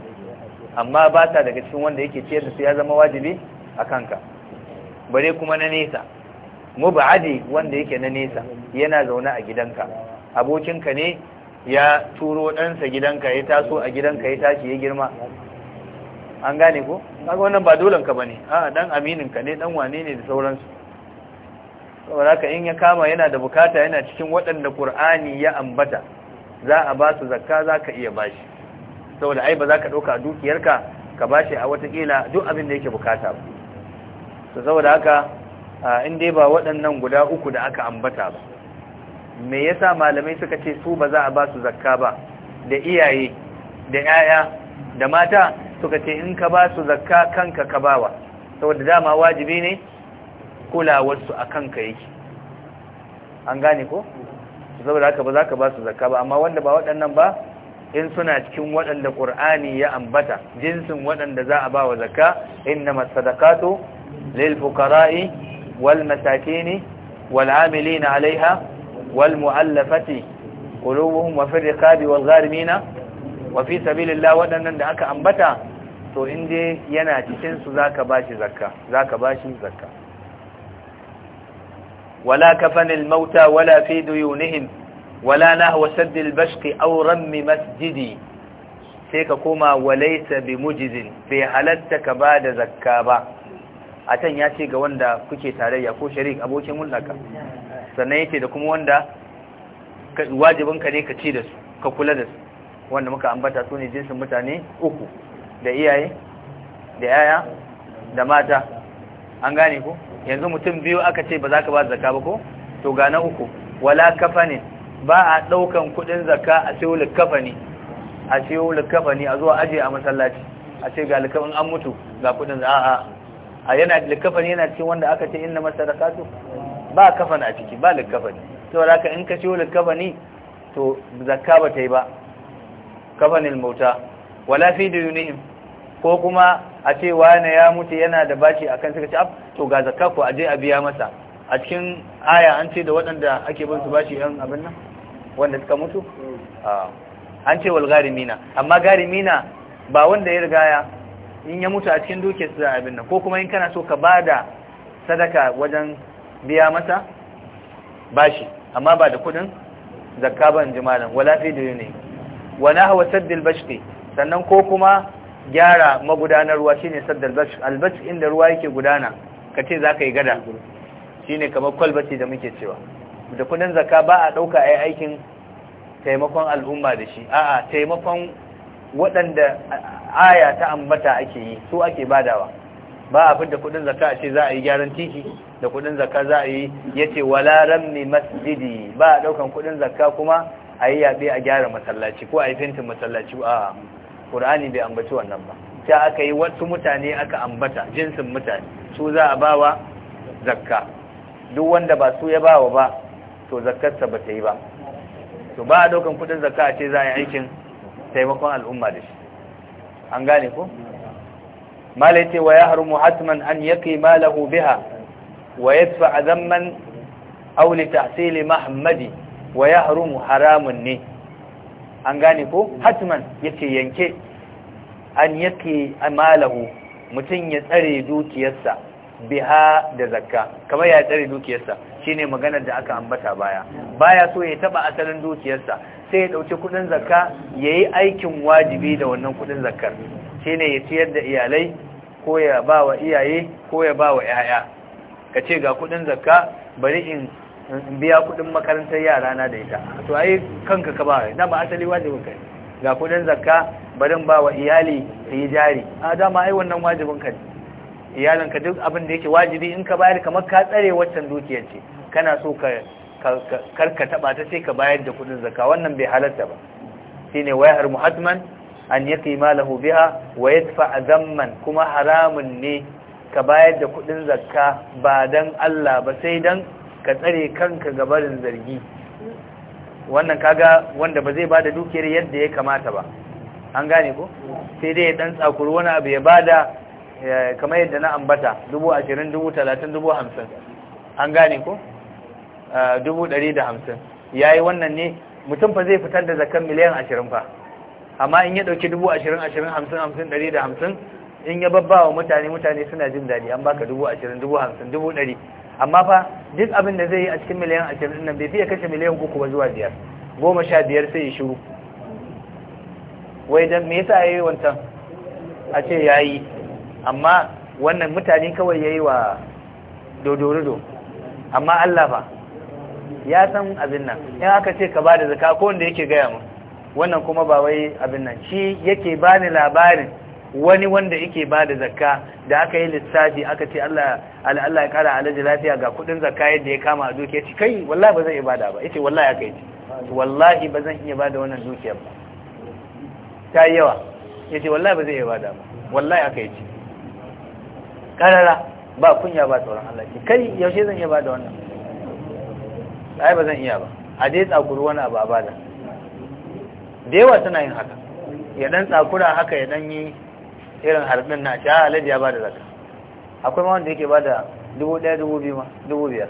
amma ba ta daga cikin wanda yake ciyar da su ya zama wajibi a kanka bare kuma na nesa mu ba'adi wanda yake na nesa yana zaune a gidanka abokinka ne ya turo ɗansa gidanka ya taso a gidanka ya tashi ya girma an gane ko kaga wannan ba dole ka bane a dan aminin ka ne dan wane ne da sauransu saboda haka in ya kama yana da bukata yana cikin waɗanda Qur'ani ya ambata za a ba su zakka za ka iya bashi saboda ai ba za ka ɗauka dukiyarka ka bashi a watakila duk abin da yake bukata ba su saboda haka in ba waɗannan guda uku da aka ambata ba me yasa malamai suka ce su ba za a ba su zakka ba da iyaye da 'ya'ya da mata suka ce in ka ba su zakka kanka ka bawa saboda dama wajibi ne kulawarsu a kanka yake an gane ko saboda haka ba za ka ba su zakka ba amma wanda ba waɗannan ba in suna cikin waɗanda ƙur'ani ya ambata jinsin waɗanda za a ba wa zakka inna masadaqatu lil fuqara'i wal masakini wal amilina 'alayha wal mu'allafati qulubuhum wa fil wal gharimina wa fi sabilillah waɗannan da aka ambata to in dai yana cikin su zaka bashi zakka zaka zakka ولا كفن الموتى ولا في ديونهم ولا نهو سد البشق أو رم مسجدي سيكا كما وليس بمجز في حلتك بعد زكابا أتن ياتيك واندا كوشي تاري يكو شريك أبوكي ملنك سنيتي دكم واندا واجبنك ليك تشيدس ككولدس wanda مكا ambata su جنس jinsin mutane دا da دا da دا ماتا an gane ko yanzu mutum biyu aka ce ba za ka ba zaka ba ko to ga na uku wala kafani ba a daukan kudin zakka a sayo kafani a sayo kafani a zuwa aje a masallaci a ce ga likafin an mutu ga kudin a a a yana likafani yana cikin wanda aka ce inna masarakatu ba kafani a ciki ba likafani wala ka in ka sayo kafani to zakka ba ta yi ba kafanil mauta wala fi dunihim ko kuma a ce wane ya mutu yana da bashi akan suka ce ab to ga zakka a aje a biya masa a cikin aya an ce da waɗanda ake bin su bashi yan abin nan wanda suka mutu an ce wal garimina amma garimina ba wanda ya rigaya in ya mutu a cikin duke su abin nan ko kuma in kana so ka bada sadaka wajen biya masa bashi amma ba da kudin zakka ban jimalan wala fi da ne wa nahwa saddil bashqi sannan ko kuma gyara magudanar ruwa shine saddal bash albash inda ruwa yake gudana kace zaka yi gada shine kamar kwalbati da muke cewa da kudin zakka ba a dauka ai aikin taimakon al'umma da shi a'a taimakon waɗanda aya ta ambata ake yi su ake badawa ba a fidda kudin zakka a ce za a yi gyaran titi da kudin zakka za a yi yace wala ramni masjidi ba a daukan kudin zakka kuma a yi yaɓe a gyara masallaci ko a yi fentin masallaci a ƙur'ani bai ambaci wannan ba sai aka yi wasu mutane aka ambata jinsin mutane su za a bawa zakka duk wanda ba su ya bawa ba to zakkarsa ba ta yi ba to ba a ɗaukan kuɗin zakka a ce za a yi aikin taimakon al'umma da shi an gane ko malai ce wa ya harumu hatman an yaki malahu biha wa yadfa zamman aw li tahsili Mahammadi wa ya harumu haramun ne an gane ko hatman yace yanke an yake amalahu mutum ya tsare dukiyarsa biha da zakka kamar ya tsare dukiyarsa shine maganar da aka ambata baya baya so ya taba asalin dukiyarsa sai ya dauki kudin zakka yayi aikin wajibi da wannan kudin zakkar shine ya ciyar da iyalai ko ya ba wa iyaye ko ya ba wa yaya kace ce ga kudin zakka bari in biya kudin makarantar yara na da ita to ai kanka ka ba na ba asali wajibin kai ga kudin zakka barin ba wa iyali ta yi jari a dama ai wannan wajibin ka ne iyalinka duk abin da yake wajibi in ka bayar kamar ka tsare waccan dukiyar ce kana so ka karka taba ta sai ka bayar da kudin zakka wannan bai halarta ba shine yahrimu muhatman an yaqi malahu biha wa yadfa kuma haramun ne ka bayar da kudin zakka ba dan Allah ba sai dan ka tsare kanka ga barin zargi wannan kaga wanda ba zai bada dukiyar yadda ya kamata ba an gane ko sai dai dan tsakuru wani abu ya bada kamar yadda na ambata dubu ashirin dubu talatin dubu hamsin an gane ko dubu ɗari da hamsin ya yi wannan ne mutum fa zai fitar da zakan miliyan ashirin fa amma in ya ɗauki dubu ashirin ashirin hamsin hamsin ɗari da hamsin in ya babba wa mutane mutane suna jin daɗi an baka dubu ashirin dubu hamsin dubu ɗari amma fa duk abin da zai yi a cikin miliyan ashirin nan bai fiye kashe miliyan uku ba zuwa biyar goma sha biyar sai ya shiru wai dan me yasa yayi wancan a ce yayi amma wannan mutane kawai yayi wa dodorido amma Allah fa ya san abin nan in aka ce ka bada zakka ko wanda yake gaya mu wannan kuma ba wai abin nan shi yake bani labarin wani wanda yake bada zakka da aka yi lissafi aka ce Allah Allah ya kara alaji lafiya ga kudin zakka yadda ya kama a dukiya ce kai wallahi ba zan iya bada ba yace wallahi aka yi wallahi ba zan iya bada wannan dukiyar ba ta yi yawa ya ce wallahi ba zai yi bada ba wallahi aka yi ce karara ba kunya ba tsoron Allah ce kai yaushe zan iya bada wannan ai ba zan iya ba a dai tsakuri wani abu a bada da yawa suna yin haka ya dan tsakura haka ya dan yi irin harbin na sha ah, alaji ya bada zaka akwai ma wanda yake bada dubu ɗaya dubu biyu ma dubu biyar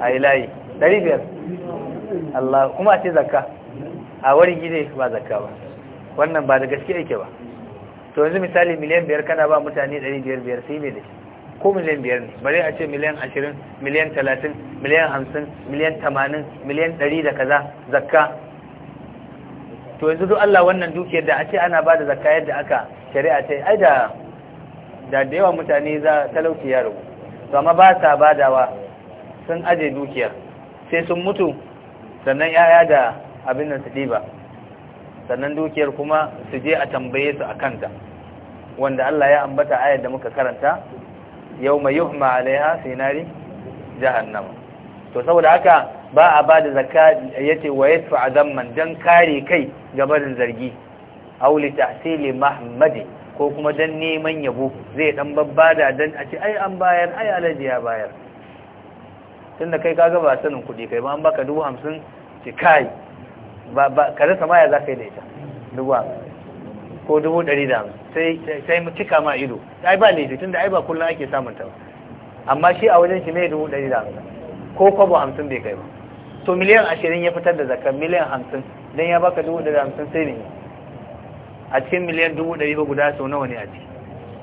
a yi layi ɗari biyar Allah kuma a ce zakka a wurin gine ba zakka ba wannan ba da gaske yake ba to yanzu misali miliyan biyar kana ba mutane ɗari biyar biyar sai mai da shi ko miliyan biyar ne bare a ce miliyan ashirin miliyan talatin miliyan hamsin miliyan tamanin miliyan ɗari da kaza zakka to yanzu duk Allah wannan dukiyar da a ce ana ba da zakka yadda aka shari'a ta yi ai da da da yawan mutane za talauci ya rubu to amma ba sa badawa sun aje dukiyar sai sun mutu sannan yaya da abin nan su ɗiba sannan dukiyar kuma su je a tambaye su a kanta wanda Allah ya ambata ayar da muka karanta yau mai yuhma alaiha sinari jahannama to saboda haka ba a ba da zakka yace wa yasfa zamman don kare kai gabarin zargi aw ta tahsili mahammadi ko kuma don neman yabo zai dan da don a ce ai an bayar ai alaji ya bayar tun da kai kaga ba sanin kudi kai ba an baka dubu hamsin ci kai ba ka rasa maya za ka yi da ita dubu ko dubu ɗari da hamsin sai mu cika ma ido ai ba laifi tunda ai ba kullum ake samun ta ba amma shi a wajen shi mai dubu ɗari da hamsin ko kwabo hamsin bai kai ba to miliyan ashirin ya fitar da zakar miliyan hamsin don ya baka dubu ɗari hamsin sai ne a cikin miliyan dubu ɗari ba guda sau nawa ne a ciki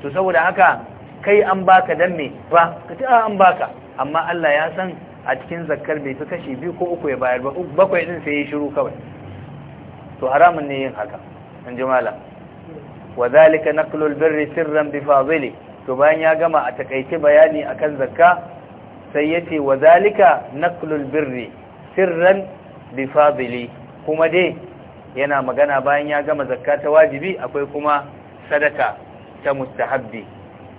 to saboda haka kai an baka dan me ba ka ci an baka amma Allah ya san a cikin zakar bai fi kashi biyu ko uku ya bayar ba bakwai din sai ya shiru kawai to haramun ne yin haka an ji mala wa naqlul birri sirran bi fadili to bayan ya gama a takaice bayani akan zakka sai yace wa zalika naqlul birri sirran bi fadili kuma dai yana magana bayan ya gama zakka ta wajibi akwai kuma sadaka ta mustahabbi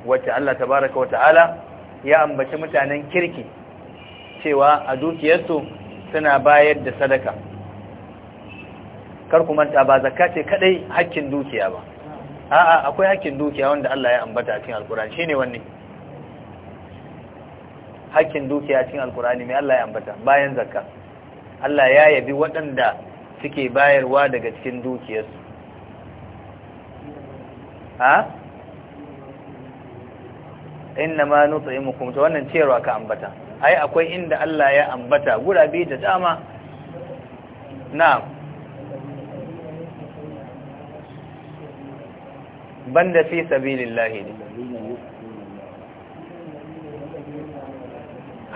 wacce Allah tabaraka wataala ya ambaci mutanen kirki cewa a dukiyarsu suna bayar da sadaka kar ku manta ba zakka ce kadai hakkin dukiya ba a'a akwai hakkin dukiya wanda Allah ya ambata a cikin alkurani shine wanne hakkin dukiya a cikin alkurani mai Allah ya ambata bayan zakka Allah ya yabi waɗanda suke bayarwa daga cikin dukiyarsu ha inna ma nut'imukum to wannan ciyarwa ka ambata ai akwai inda Allah ya ambata gurabe da dama na'am banda fi sabilillahi ne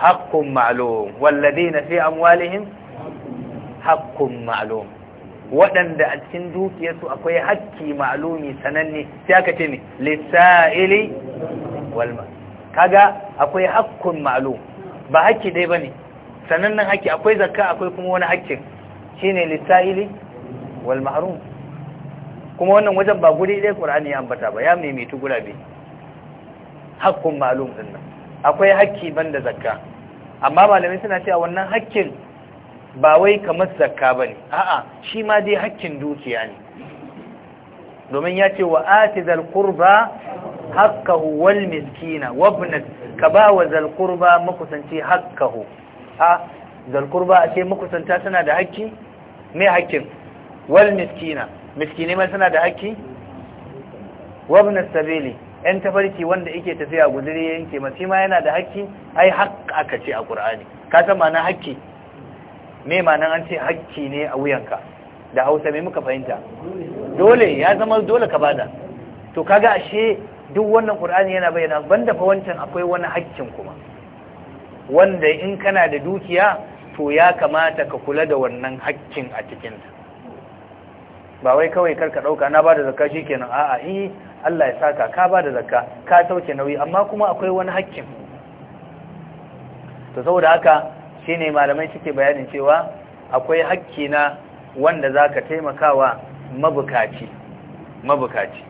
haqqun ma'lum walladina fi amwalihim haqqun ma'lum waɗanda a cikin dukiyarsu akwai hakki ma'lumi sananne sai ce ne lisa'ili walma kaga akwai haqqun ma'lum ba hakki dai bane sanannen hakki akwai zakka akwai kuma wani hakkin shine lisa'ili wal mahrum kuma wannan wajen ba guri dai ƙur'ani ya ambata ba ya maimaitu gurabe hakkun malum din akwai hakki banda zakka amma malamai suna cewa wannan hakkin ba wai kamar zakka bane a'a shi ma dai hakkin dukiya ne domin ya ce wa atizal qurba haqqahu wal miskina wabnat ka ba wa zal qurba makusanci haqqahu a zal qurba ake makusanta tana da hakki mai hakkin wal miskina miskini mai suna da haƙƙi wabna sabili yan tafarki wanda yake tafiya guduri yanke masu ma yana da haƙƙi ai haƙƙa aka ce a ƙur'ani ka san ma na haƙƙi me ma nan an ce haƙƙi ne a wuyanka da hausa me muka fahimta dole ya zama dole ka bada to kaga ashe duk wannan ƙur'ani yana bayyana banda fa wancan akwai wani hakkin kuma wanda in kana da dukiya to ya kamata ka kula da wannan hakkin a cikinta ba wai kawai karka ɗauka na bada zakka kenan a'a eh Allah ya saka ka bada zakka ka sauke nauyi amma kuma akwai wani hakkin to saboda haka shine malamai suke bayanin cewa akwai hakki na wanda zaka taimakawa mabukaci mabukaci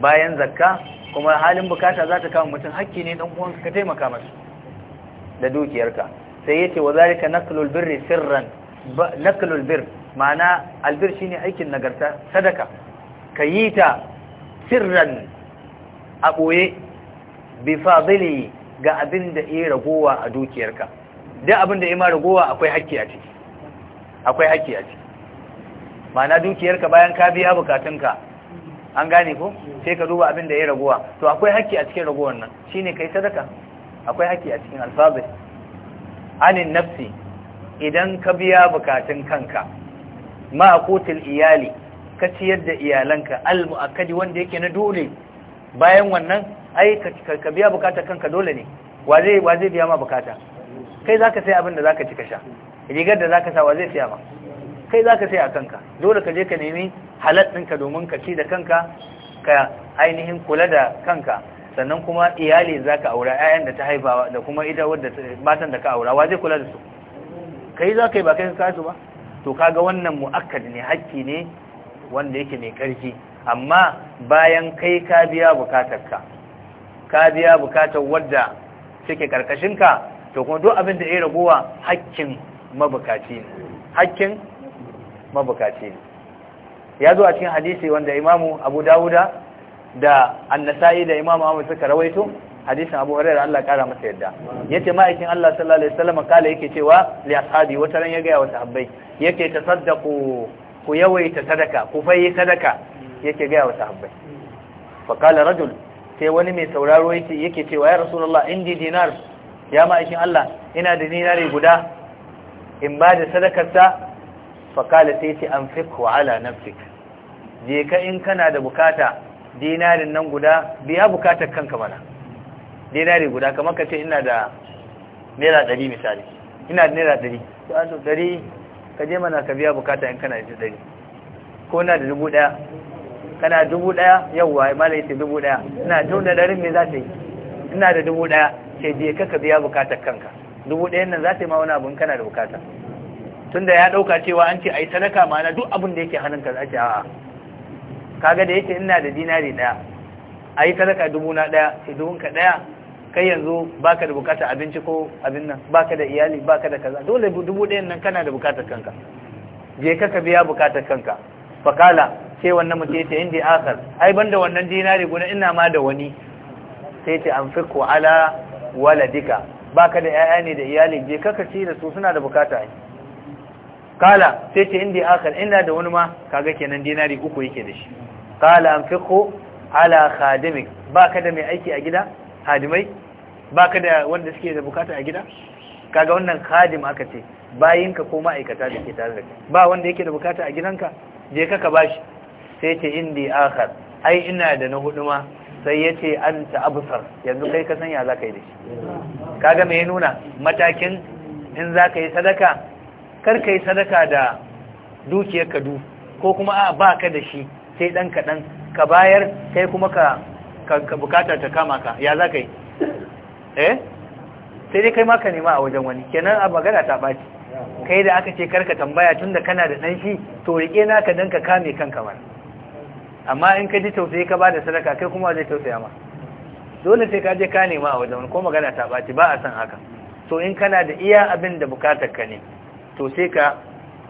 bayan zakka kuma halin bukata za ta kama mutum hakki ne dan uwanka ka taimaka masa da dukiyarka sai yace wa zalika naklul birri sirran naklul birri ma'ana albir ne aikin nagarta sadaka ka yi ta sirran a ɓoye bifadili ga abin da ya ragowa a dukiyarka duk abin da ya ma ragowa akwai haƙƙi a ciki akwai haƙƙi a ciki ma'ana dukiyarka bayan ka biya bukatunka an gane ko sai ka duba abin da ya ragowa to akwai haƙƙi a cikin ragowar nan ka kai sadaka akwai haƙƙi a cikin alfazil anin nafsi idan ka biya bukatun kanka ma kotun iyali ka ciyar da iyalanka al-mu'akkadi wanda yake na dole bayan wannan ai ka biya bukata kanka dole ne wa zai wa zai biya ma bukata kai zaka sai abin da zaka ci ka sha rigar da zaka sa wa zai siya ma kai zaka sai a kanka dole ka je ka nemi halal ɗinka domin ka ci da kanka ka ainihin kula da kanka sannan kuma iyali zaka aura ƴaƴan da ta haifa da kuma ita wadda matan da ka aura wa zai kula da su kai zaka yi ba kai ka kasu ba to kaga wannan mu'akkad ne hakki ne wanda yake mai ƙarfi amma bayan kai ka biya bukatarka ka biya bukatar wadda take karkashinka to kuma duk abin da ya ragowa hakkin mabukaci ne hakkin mabukaci ne ya zo a cikin hadisi wanda imamu abu dawuda da annasa'i da imamu ahmad suka rawaito hadisin Abu Hurairah Allah kara masa yadda yace ma'aikin Allah sallallahu alaihi wasallam kala yake cewa li ashabi wata ran ya ga wa sahabbai yake tasaddaqu ku yawaita sadaka ku fayi sadaka yake ga wa sahabbai fa kala rajul sai wani mai sauraro yake yake cewa ya rasulullah indi dinar ya ma'aikin Allah ina da dinari guda in ba da ta fa kala sai ce anfiqhu ala nafsik je ka in kana da bukata dinarin nan guda biya bukatar kanka mana dinari guda kamar ka ce ina da naira ɗari misali ina da naira ɗari to an ɗari ka je mana ka biya bukata in kana da ɗari ko na da dubu ɗaya kana dubu ɗaya yawwa malai ce dubu ɗaya ina da da ɗarin me za ta yi ina da dubu ɗaya ce je ka ka biya bukatar kanka dubu ɗayan nan za ta yi ma wani abu in kana da bukata tunda ya ɗauka cewa an ce a yi sadaka ma'ana duk abin da yake hannunka za ce a'a kaga da yake ina da dinari ɗaya a yi sadaka dubu na ɗaya sai dubun ka ɗaya kai yanzu baka da bukatar abinci ko abin nan baka da iyali baka da kaza dole dubu ɗayan nan kana da bukatar kanka je ka ka biya bukatar kanka fakala sai wannan mutum yace ya akhar ai banda wannan dinari guda ina ma da wani sai ce anfiqu ala waladika baka da yaya ne da iyali je ka ka ci da su suna da bukata ai kala sai ce ya akhar ina da wani ma kaga kenan dinari uku yake da shi kala anfiqu ala khadimik baka da mai aiki a gida hadimai baka da wanda suke da bukata a gida kaga wannan khadim aka ce bayinka ko ma'aikata da ke tare da kai ba wanda yake da bukata a gidanka je ka ka bashi sai ce indi akhar ai ina da na hudu ma sai ya ce an ta'absar yanzu kai ka sanya za ka yi da shi kaga me ya nuna matakin in za ka yi sadaka kar ka yi sadaka da dukiyar ka du ko kuma a ba ka da shi sai dan kaɗan ka bayar kai kuma ka bukata ta kama ka ya za ka yi eh sai dai kai ma ka nema a wajen wani kenan a magana ta ɓaci kai da aka ce karka tambaya tun da kana da ɗan to riƙe ka don ka kame kanka mana amma in ka ji tausayi ka ba da sadaka kai kuma zai tausaya ma dole sai ka je ka nema a wajen wani ko magana ta ɓaci ba a san haka to in kana da iya abin da bukatar ka ne to sai ka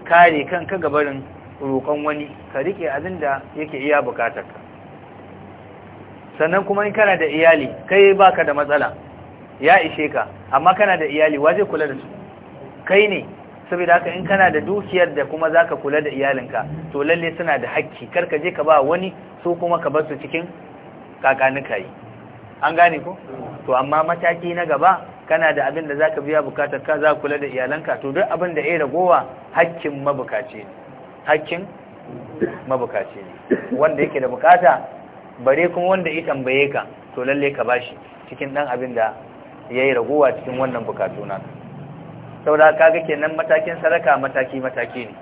kare kanka barin roƙon wani ka riƙe abin da yake iya bukatar ka sannan kuma in kana da iyali kai baka da matsala ya ishe ka amma kana da iyali waje kula da su kai ne saboda haka in kana da dukiyar da kuma zaka kula da iyalinka to lalle suna da hakki kar ka je ka ba wani su kuma ka bar su cikin kakanuka yi an gane ko to amma mataki na gaba kana da abin da zaka biya bukatar ka za kula da iyalanka to duk abin da ya ragowa hakkin mabukaci ne hakkin mabukaci ne wanda yake da bukata bare kuma wanda ya tambaye ka to lalle ka bashi cikin dan abin da yayi raguwa cikin wannan bukatu na da kaga kenan matakin sadaka mataki mataki ne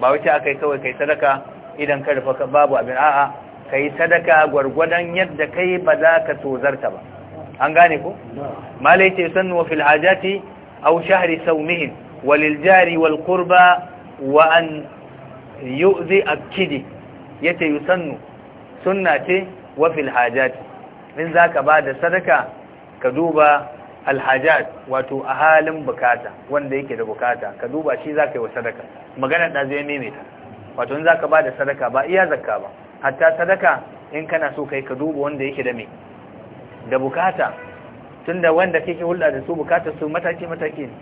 ba wuce akai kawai kai sadaka idan ka rufa babu abin a'a kai sadaka gwargwadon yadda kai ba za ka tozarta ba an gane ku? malai ce sannu wa fil au shahari sau mihin walil jari wal kurba wa an yu'zi akidi yace yusannu sunna ce wa fil hajati in zaka da sadaka ka duba alhajat wato a halin bukata wanda yake da bukata ka duba shi za ka yi wa sadaka magana da zai maimaita wato in za ka ba da sadaka ba iya zakka ba hatta sadaka in kana so kai ka duba wanda yake da mai da bukata tunda wanda kake hulɗa da su bukata su mataki mataki ne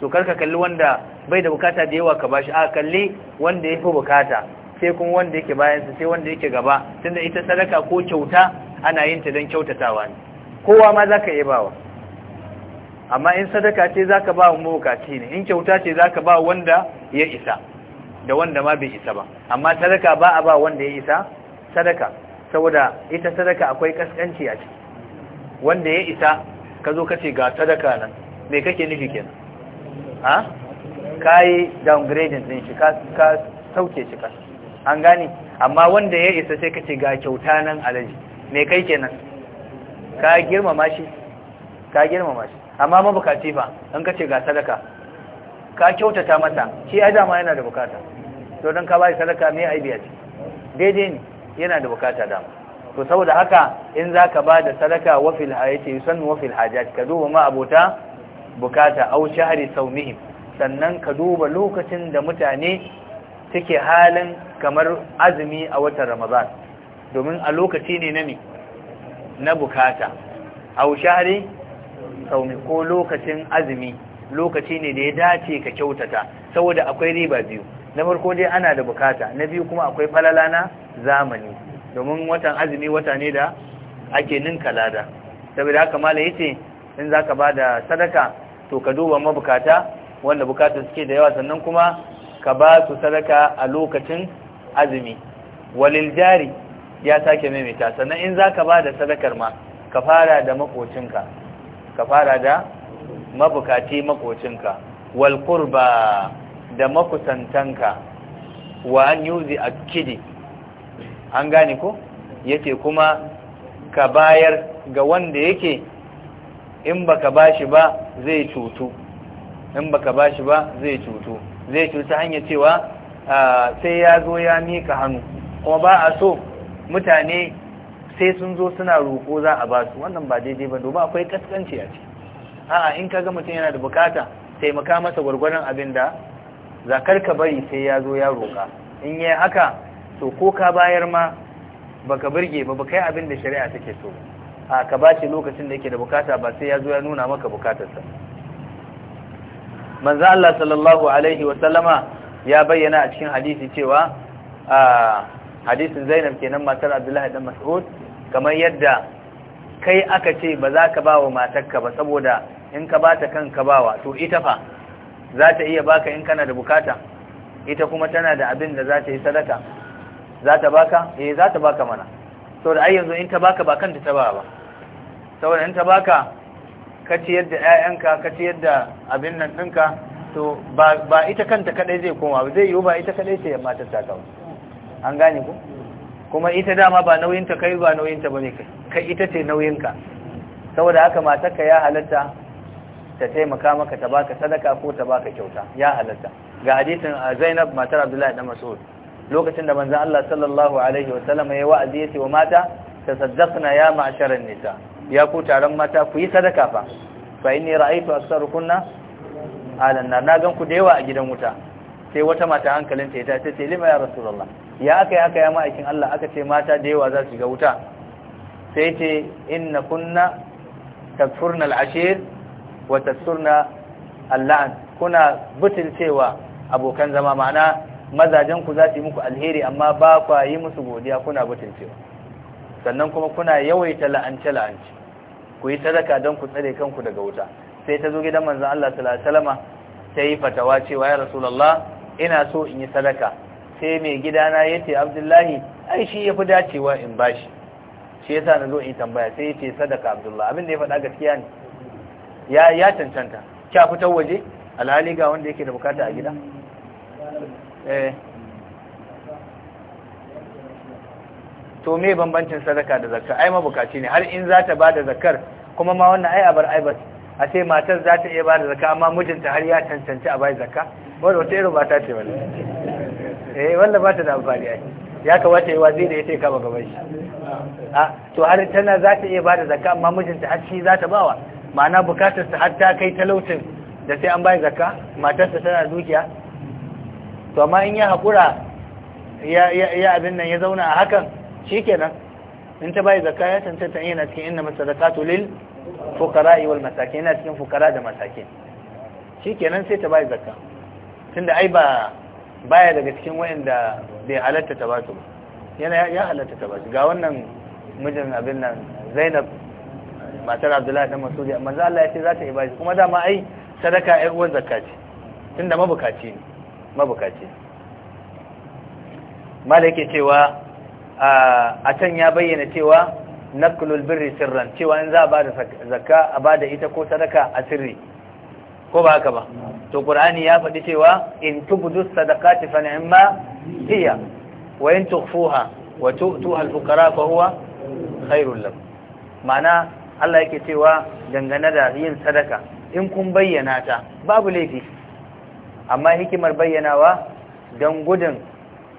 so karka kalli wanda bai da bukata da yawa ka bashi a kalli wanda fi bukata sai kuma wanda yake bayan sai wanda yake gaba tunda ita sadaka ko kyauta ana yin ta don kyautatawa ne kowa ma za ka iya bawa amma in sadaka ce za ka ba wa mabukaci ne in kyauta ce za ka ba wanda ya isa da wanda ma bai isa ba amma sadaka ba a ba wanda ya isa sadaka saboda ita sadaka akwai kaskanci a ciki wanda ya isa ka zo ka ce ga sadaka nan me kake nufi kenan ha kai downgrading din shi ka ka sauke shi ka an gane amma wanda ya isa sai ka ce ga kyauta nan alaji me kai kenan ka girmama shi ka girmama shi amma mabukaci ba, in ka ce ga sadaka ka kyautata mata, shi ai dama yana da bukata to dan ka bai sadaka me ai biya ce daidai ne yana da bukata dama to saboda haka in zaka ba da sadaka wa fil hayati yusannu wa fil hajat ka duba ma abota bukata au shahri saumihim sannan ka duba lokacin da mutane suke halin kamar azumi a watan Ramadan domin a lokaci ne na ne na bukata aushari shahri saumi ko lokacin azumi lokaci ne da ya dace ka kyautata saboda akwai riba biyu na farko dai ana da bukata na biyu kuma akwai falala na zamani domin watan azumi wata ne da ake ninka lada saboda haka mala yace in zaka bada sadaka to ka duba mabukata wanda bukata suke da yawa sannan kuma ka ba su sadaka a lokacin azumi walil jari ya sake maimaita sannan in zaka ba da sadakar ma ka fara da makocinka ka fara da mabukati makocinka walƙurba da makusantanka wa an yuzi akidi an gane ko yace kuma ka bayar ga wanda yake in baka bashi ba zai cutu in baka bashi ba zai cutu zai cutu hanyar cewa ah, sai ya zo ya mika hannu kuma ba a so mutane sai sun zo suna roƙo za a ba su wannan ba daidai ba domin akwai kaskanci a ciki a'a in ka ga mutum yana da bukata taimaka masa gwargwaron abin da zakar ka bari sai ya zo ya roƙa in yi haka to ko ka bayar ma ba ka birge ba ba kai abin da shari'a take so a ka ba ce lokacin da yake da bukata ba sai ya zo ya nuna maka bukatarsa manzo Allah sallallahu alaihi wa sallama ya bayyana a cikin hadisi cewa hadisin zainab kenan matar abdullahi dan mas'ud kamar yadda kai aka ce ba za ka bawa matarka ba saboda in ka bata kanka bawa to ita fa za ta iya baka in kana da bukata ita kuma tana da abin da za ta yi sadaka za ta baka eh za ta baka mana saboda ai yanzu in ta baka ba kanta ta ba ba saboda in ta baka ka ci da ƴaƴanka ka ci da abin nan ɗinka to ba ita kanta kadai zai koma ba zai yi ba ita kadai ce matar ta saka an gane ku kuma ita dama ba nauyinta kai ba nauyinta bane kai kai ita ce nauyinka saboda haka matarka ya halatta ta taimaka maka ta baka sadaka ko ta baka kyauta ya halatta ga hadisin uh, Zainab matar Abdullahi dan Mas'ud lokacin da manzon Allah sallallahu alaihi wa sallam ya wa'azi ce wa mata tasaddaqna ya ma'sharan nisa ya ku taron mata ku yi sadaka fa fa inni ra'aytu aktharukunna na gan ku da yawa a gidan wuta sai wata mata hankalinta ya tashi ce lima ya rasulullah ya aka ya aka ya ma'aikin Allah aka ce mata da yawa za su ga wuta sai ce inna kunna takfurna al-ashir wa tasurna al'an kuna butulcewa abokan zama ma'ana mazajen ku za su yi muku alheri amma ba kwa yi musu godiya kuna butulcewa sannan kuma kuna yawaita la'ance la'anci ku yi sadaka don ku tsare kanku daga wuta sai ta zo gidan manzon Allah sallallahu alaihi wasallama ta yi fatawa cewa ya rasulullah ina so in yi sadaka sai mai gidana ya ce abdullahi ai shi ya fi dacewa in bashi shi ya sa na zo in tambaya sai ya ce sadaka abdullahi abinda ya faɗa gaskiya ne ya cancanta kya fitar waje alhali ga wanda yake da bukata a gida eh. to me bambancin sadaka da zakka ai mabukaci ne har in za ta bada zakkar kuma ma wannan ai abar aibas a ce matar za ta iya bada zakka amma mijinta har ya cancanci a bai zakka wani wata irin mata ce wani eh wanda ba ta da amfani ai ya kamata yi wazi da ya ce kama gaban shi a to har tana za ta iya ba da zakka amma mijinta har shi za ta bawa ma'ana bukatar ta har ta kai talautin da sai an bai zakka matarsa tana dukiya to amma in ya haƙura ya abin nan ya zauna a hakan shikenan in ta bai zakka ya in yana cikin inna masadaqatu lil fuqara'i wal masakin yana cikin fuqara da masakin shikenan sai ta bai zakka tunda ai ba baya daga cikin wayanda bai halatta ta basu yana ya halatta ta basu ga wannan mijin abin nan Zainab matar Abdullahi masu jiya amma Allah ya ce za ta yi bashi kuma dama ai sadaka ya uwar zakka ce tunda mabukaci ne mabukaci yake cewa a can ya bayyana cewa na birri sirran cewa in za a bada zakka a bada ita ko sadaka a sirri ko ba haka ba to qur'ani ya faɗi cewa in tubdu sadaqati fa ni'ma hiya wa in tukhfuha wa tu'tuha al-fuqara fa huwa khairul lakum ma'ana Allah yake cewa dangane da yin sadaka in kun bayyana ta babu laifi amma hikimar bayyanawa don gudun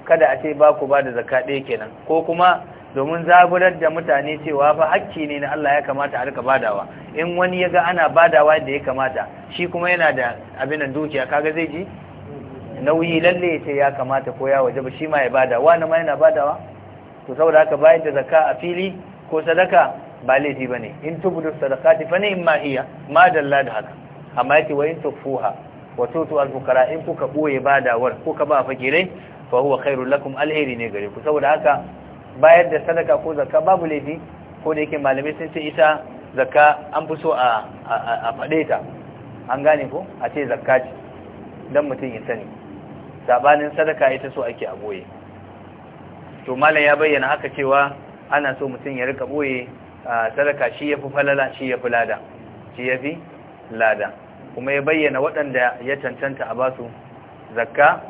kada a ce ba ku ba da zakka ɗaya kenan ko kuma domin zaburar da mutane cewa fa hakki ne na Allah ya kamata a rika badawa in wani ya ga ana badawa da ya kamata shi kuma yana da abin da dukiya kaga zai ji nauyi lalle ya ce ya kamata ko ya waje ba shi ma ya bada na ma yana badawa to saboda haka bayar da zakka a fili ko sadaka ba laifi bane in tubudu sadaqati fa ni'ma hiya ma dalla da haka amma yake wa in tufuha wa tutu al-fuqara in kuka boye badawar ko kuka ba fakirai fa huwa khairul lakum alheri ne gare ku saboda haka bayar da sadaka ko zakka babu laifi ko da yake malamai sun ce ita zakka an fi so a a faɗe ta an gane ko a ce zakka ce don mutum ya sani sabanin sadaka ita so ake a boye to malam ya bayyana haka cewa ana so mutum ya rika boye sadaka shi yafi falala shi yafi lada shi yafi lada kuma ya bayyana waɗanda ya cancanta a basu zakka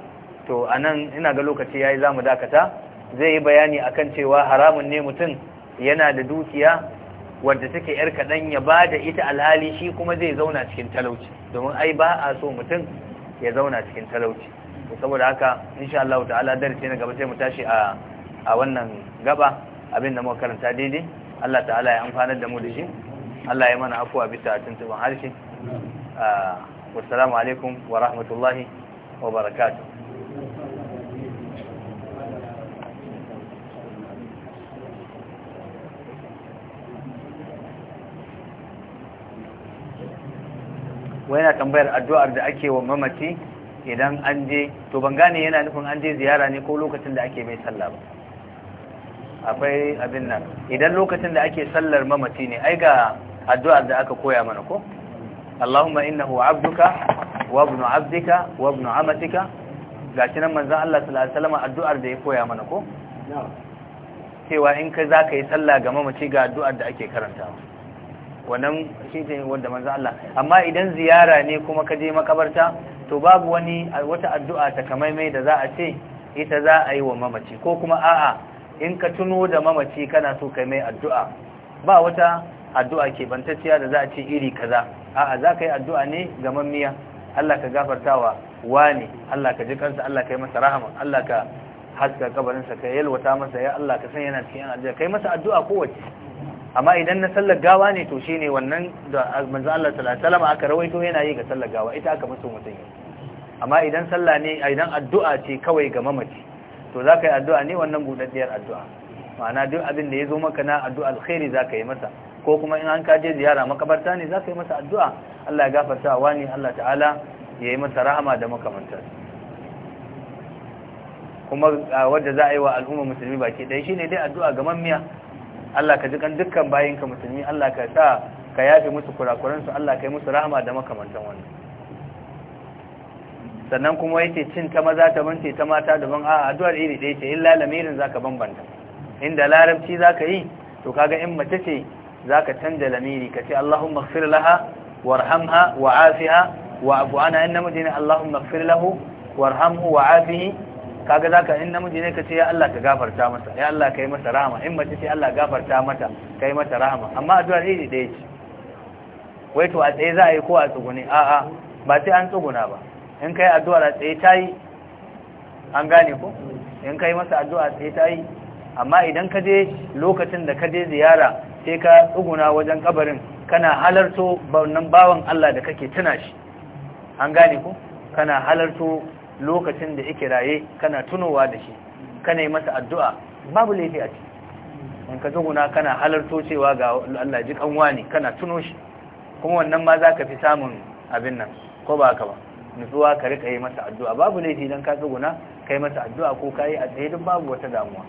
to anan ina ga lokaci yayi zamu dakata zai yi bayani akan cewa haramun ne mutum yana da dukiya wadda take yar kaɗan ya ba da ita alhali shi kuma zai zauna cikin talauci domin ai ba a so mutum ya zauna cikin talauci saboda haka insha Allah ta'ala darasi na gaba sai mu tashi a a wannan gaba abin da muka karanta daidai Allah ta'ala ya amfanar da mu da shi Allah ya mana afuwa bisa tuntuban harshe ah, assalamu alaikum wa rahmatullahi wa barakatuh wai yana tambayar addu'ar da ake wa mamaci idan an je to ban gane yana nufin an je ziyara ne ko lokacin da ake mai sallah ba akwai abin nan idan lokacin da ake sallar mamaci ne ai ga addu'ar da aka koya mana ko Allahumma innahu abduka wa ibnu abdika wa ibnu amatika gashi nan manzon Allah sallallahu alaihi wasallam addu'ar da ya koya mana ko cewa in kai zaka yi sallah ga mamaci ga addu'ar da ake karantawa wannan shi ne wanda manzo Allah amma idan ziyara ne kuma ka je makabarta to babu wani wata addu'a ta kamaimai da za a ce ita za a yi wa mamaci ko kuma a'a in ka tuno da mamaci kana so kai mai addu'a ba wata addu'a ke bantacciya da za a ce iri kaza a'a za ka yi addu'a ne ga mammiya Allah ka gafartawa wani Allah ka ji kansa Allah ka yi masa rahama Allah ka haska kabarinsa ka yalwata masa ya Allah ka san yana cikin aljanna kai masa addu'a kowace amma idan na sallar gawa ne to shine wannan da manzo Allah sallallahu alaihi wasallam aka rawaito yana yi ga sallar gawa ita aka musu mutun amma idan salla ne idan addu'a ce kawai ga mamaci to zaka yi addu'a ne wannan budaddiyar addu'a ma'ana duk abin da yazo maka na addu'a alkhairi zaka yi masa ko kuma in an ka je ziyara makabarta ne zaka yi masa addu'a Allah ya gafarta wa ni Allah ta'ala ya yi masa rahama da makamantar kuma wadda za a yi wa al'umma musulmi baki ɗaya shine dai addu'a ga mamiya Allah ka ji kan dukkan bayinka musulmi Allah ka sa ka yafe musu kurakuransu Allah ka yi musu rahama da makamantan wannan sannan kuma yace cin ta maza ta bance ta mata daban a addu'ar iri da ce illa lamirin zaka bambanta inda larabci zaka yi to kaga in mace ce zaka canja lamiri ka ce Allahumma ighfir laha warhamha wa'afiha wa'fu anha inna mujina Allahumma ighfir lahu warhamhu wa'afihi kaga zaka in namiji ne ka ce ya Allah ka gafarta masa ya Allah kai masa rahama in mace ce Allah gafarta mata kai mata rahama amma addu'a iri ɗaya ce wai to a tsaye za a yi ko a tsuguni, a a ba sai an tsuguna ba in kai addu'a a tsaye ta yi an gane ko in kai masa addu'a a tsaye ta yi amma idan ka je lokacin da ka je ziyara sai ka tsuguna wajen kabarin kana halarto wannan bawan Allah da kake tuna shi an gane ko kana halarto lokacin da yake raye kana tunowa da shi kana yi masa addu'a babu laifi a ciki in ka tsuguna kana halarto cewa ga Allah ji kanwa ne kana tuno shi kuma wannan ma za ka fi samun abin nan ko ba haka ba nutsuwa ka rika yi masa addu'a babu laifi dan ka tsuguna ka yi masa addu'a ko ka yi a tsaye babu wata damuwa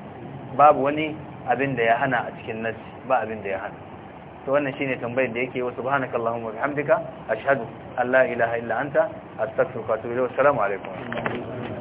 babu wani abin da ya hana a cikin nasi ba abin da ya hana to wannan shine tambayar da yake wa subhanakallahumma wa bihamdika ashhadu an la ilaha illa anta astaghfiruka wa atubu ilayk assalamu alaikum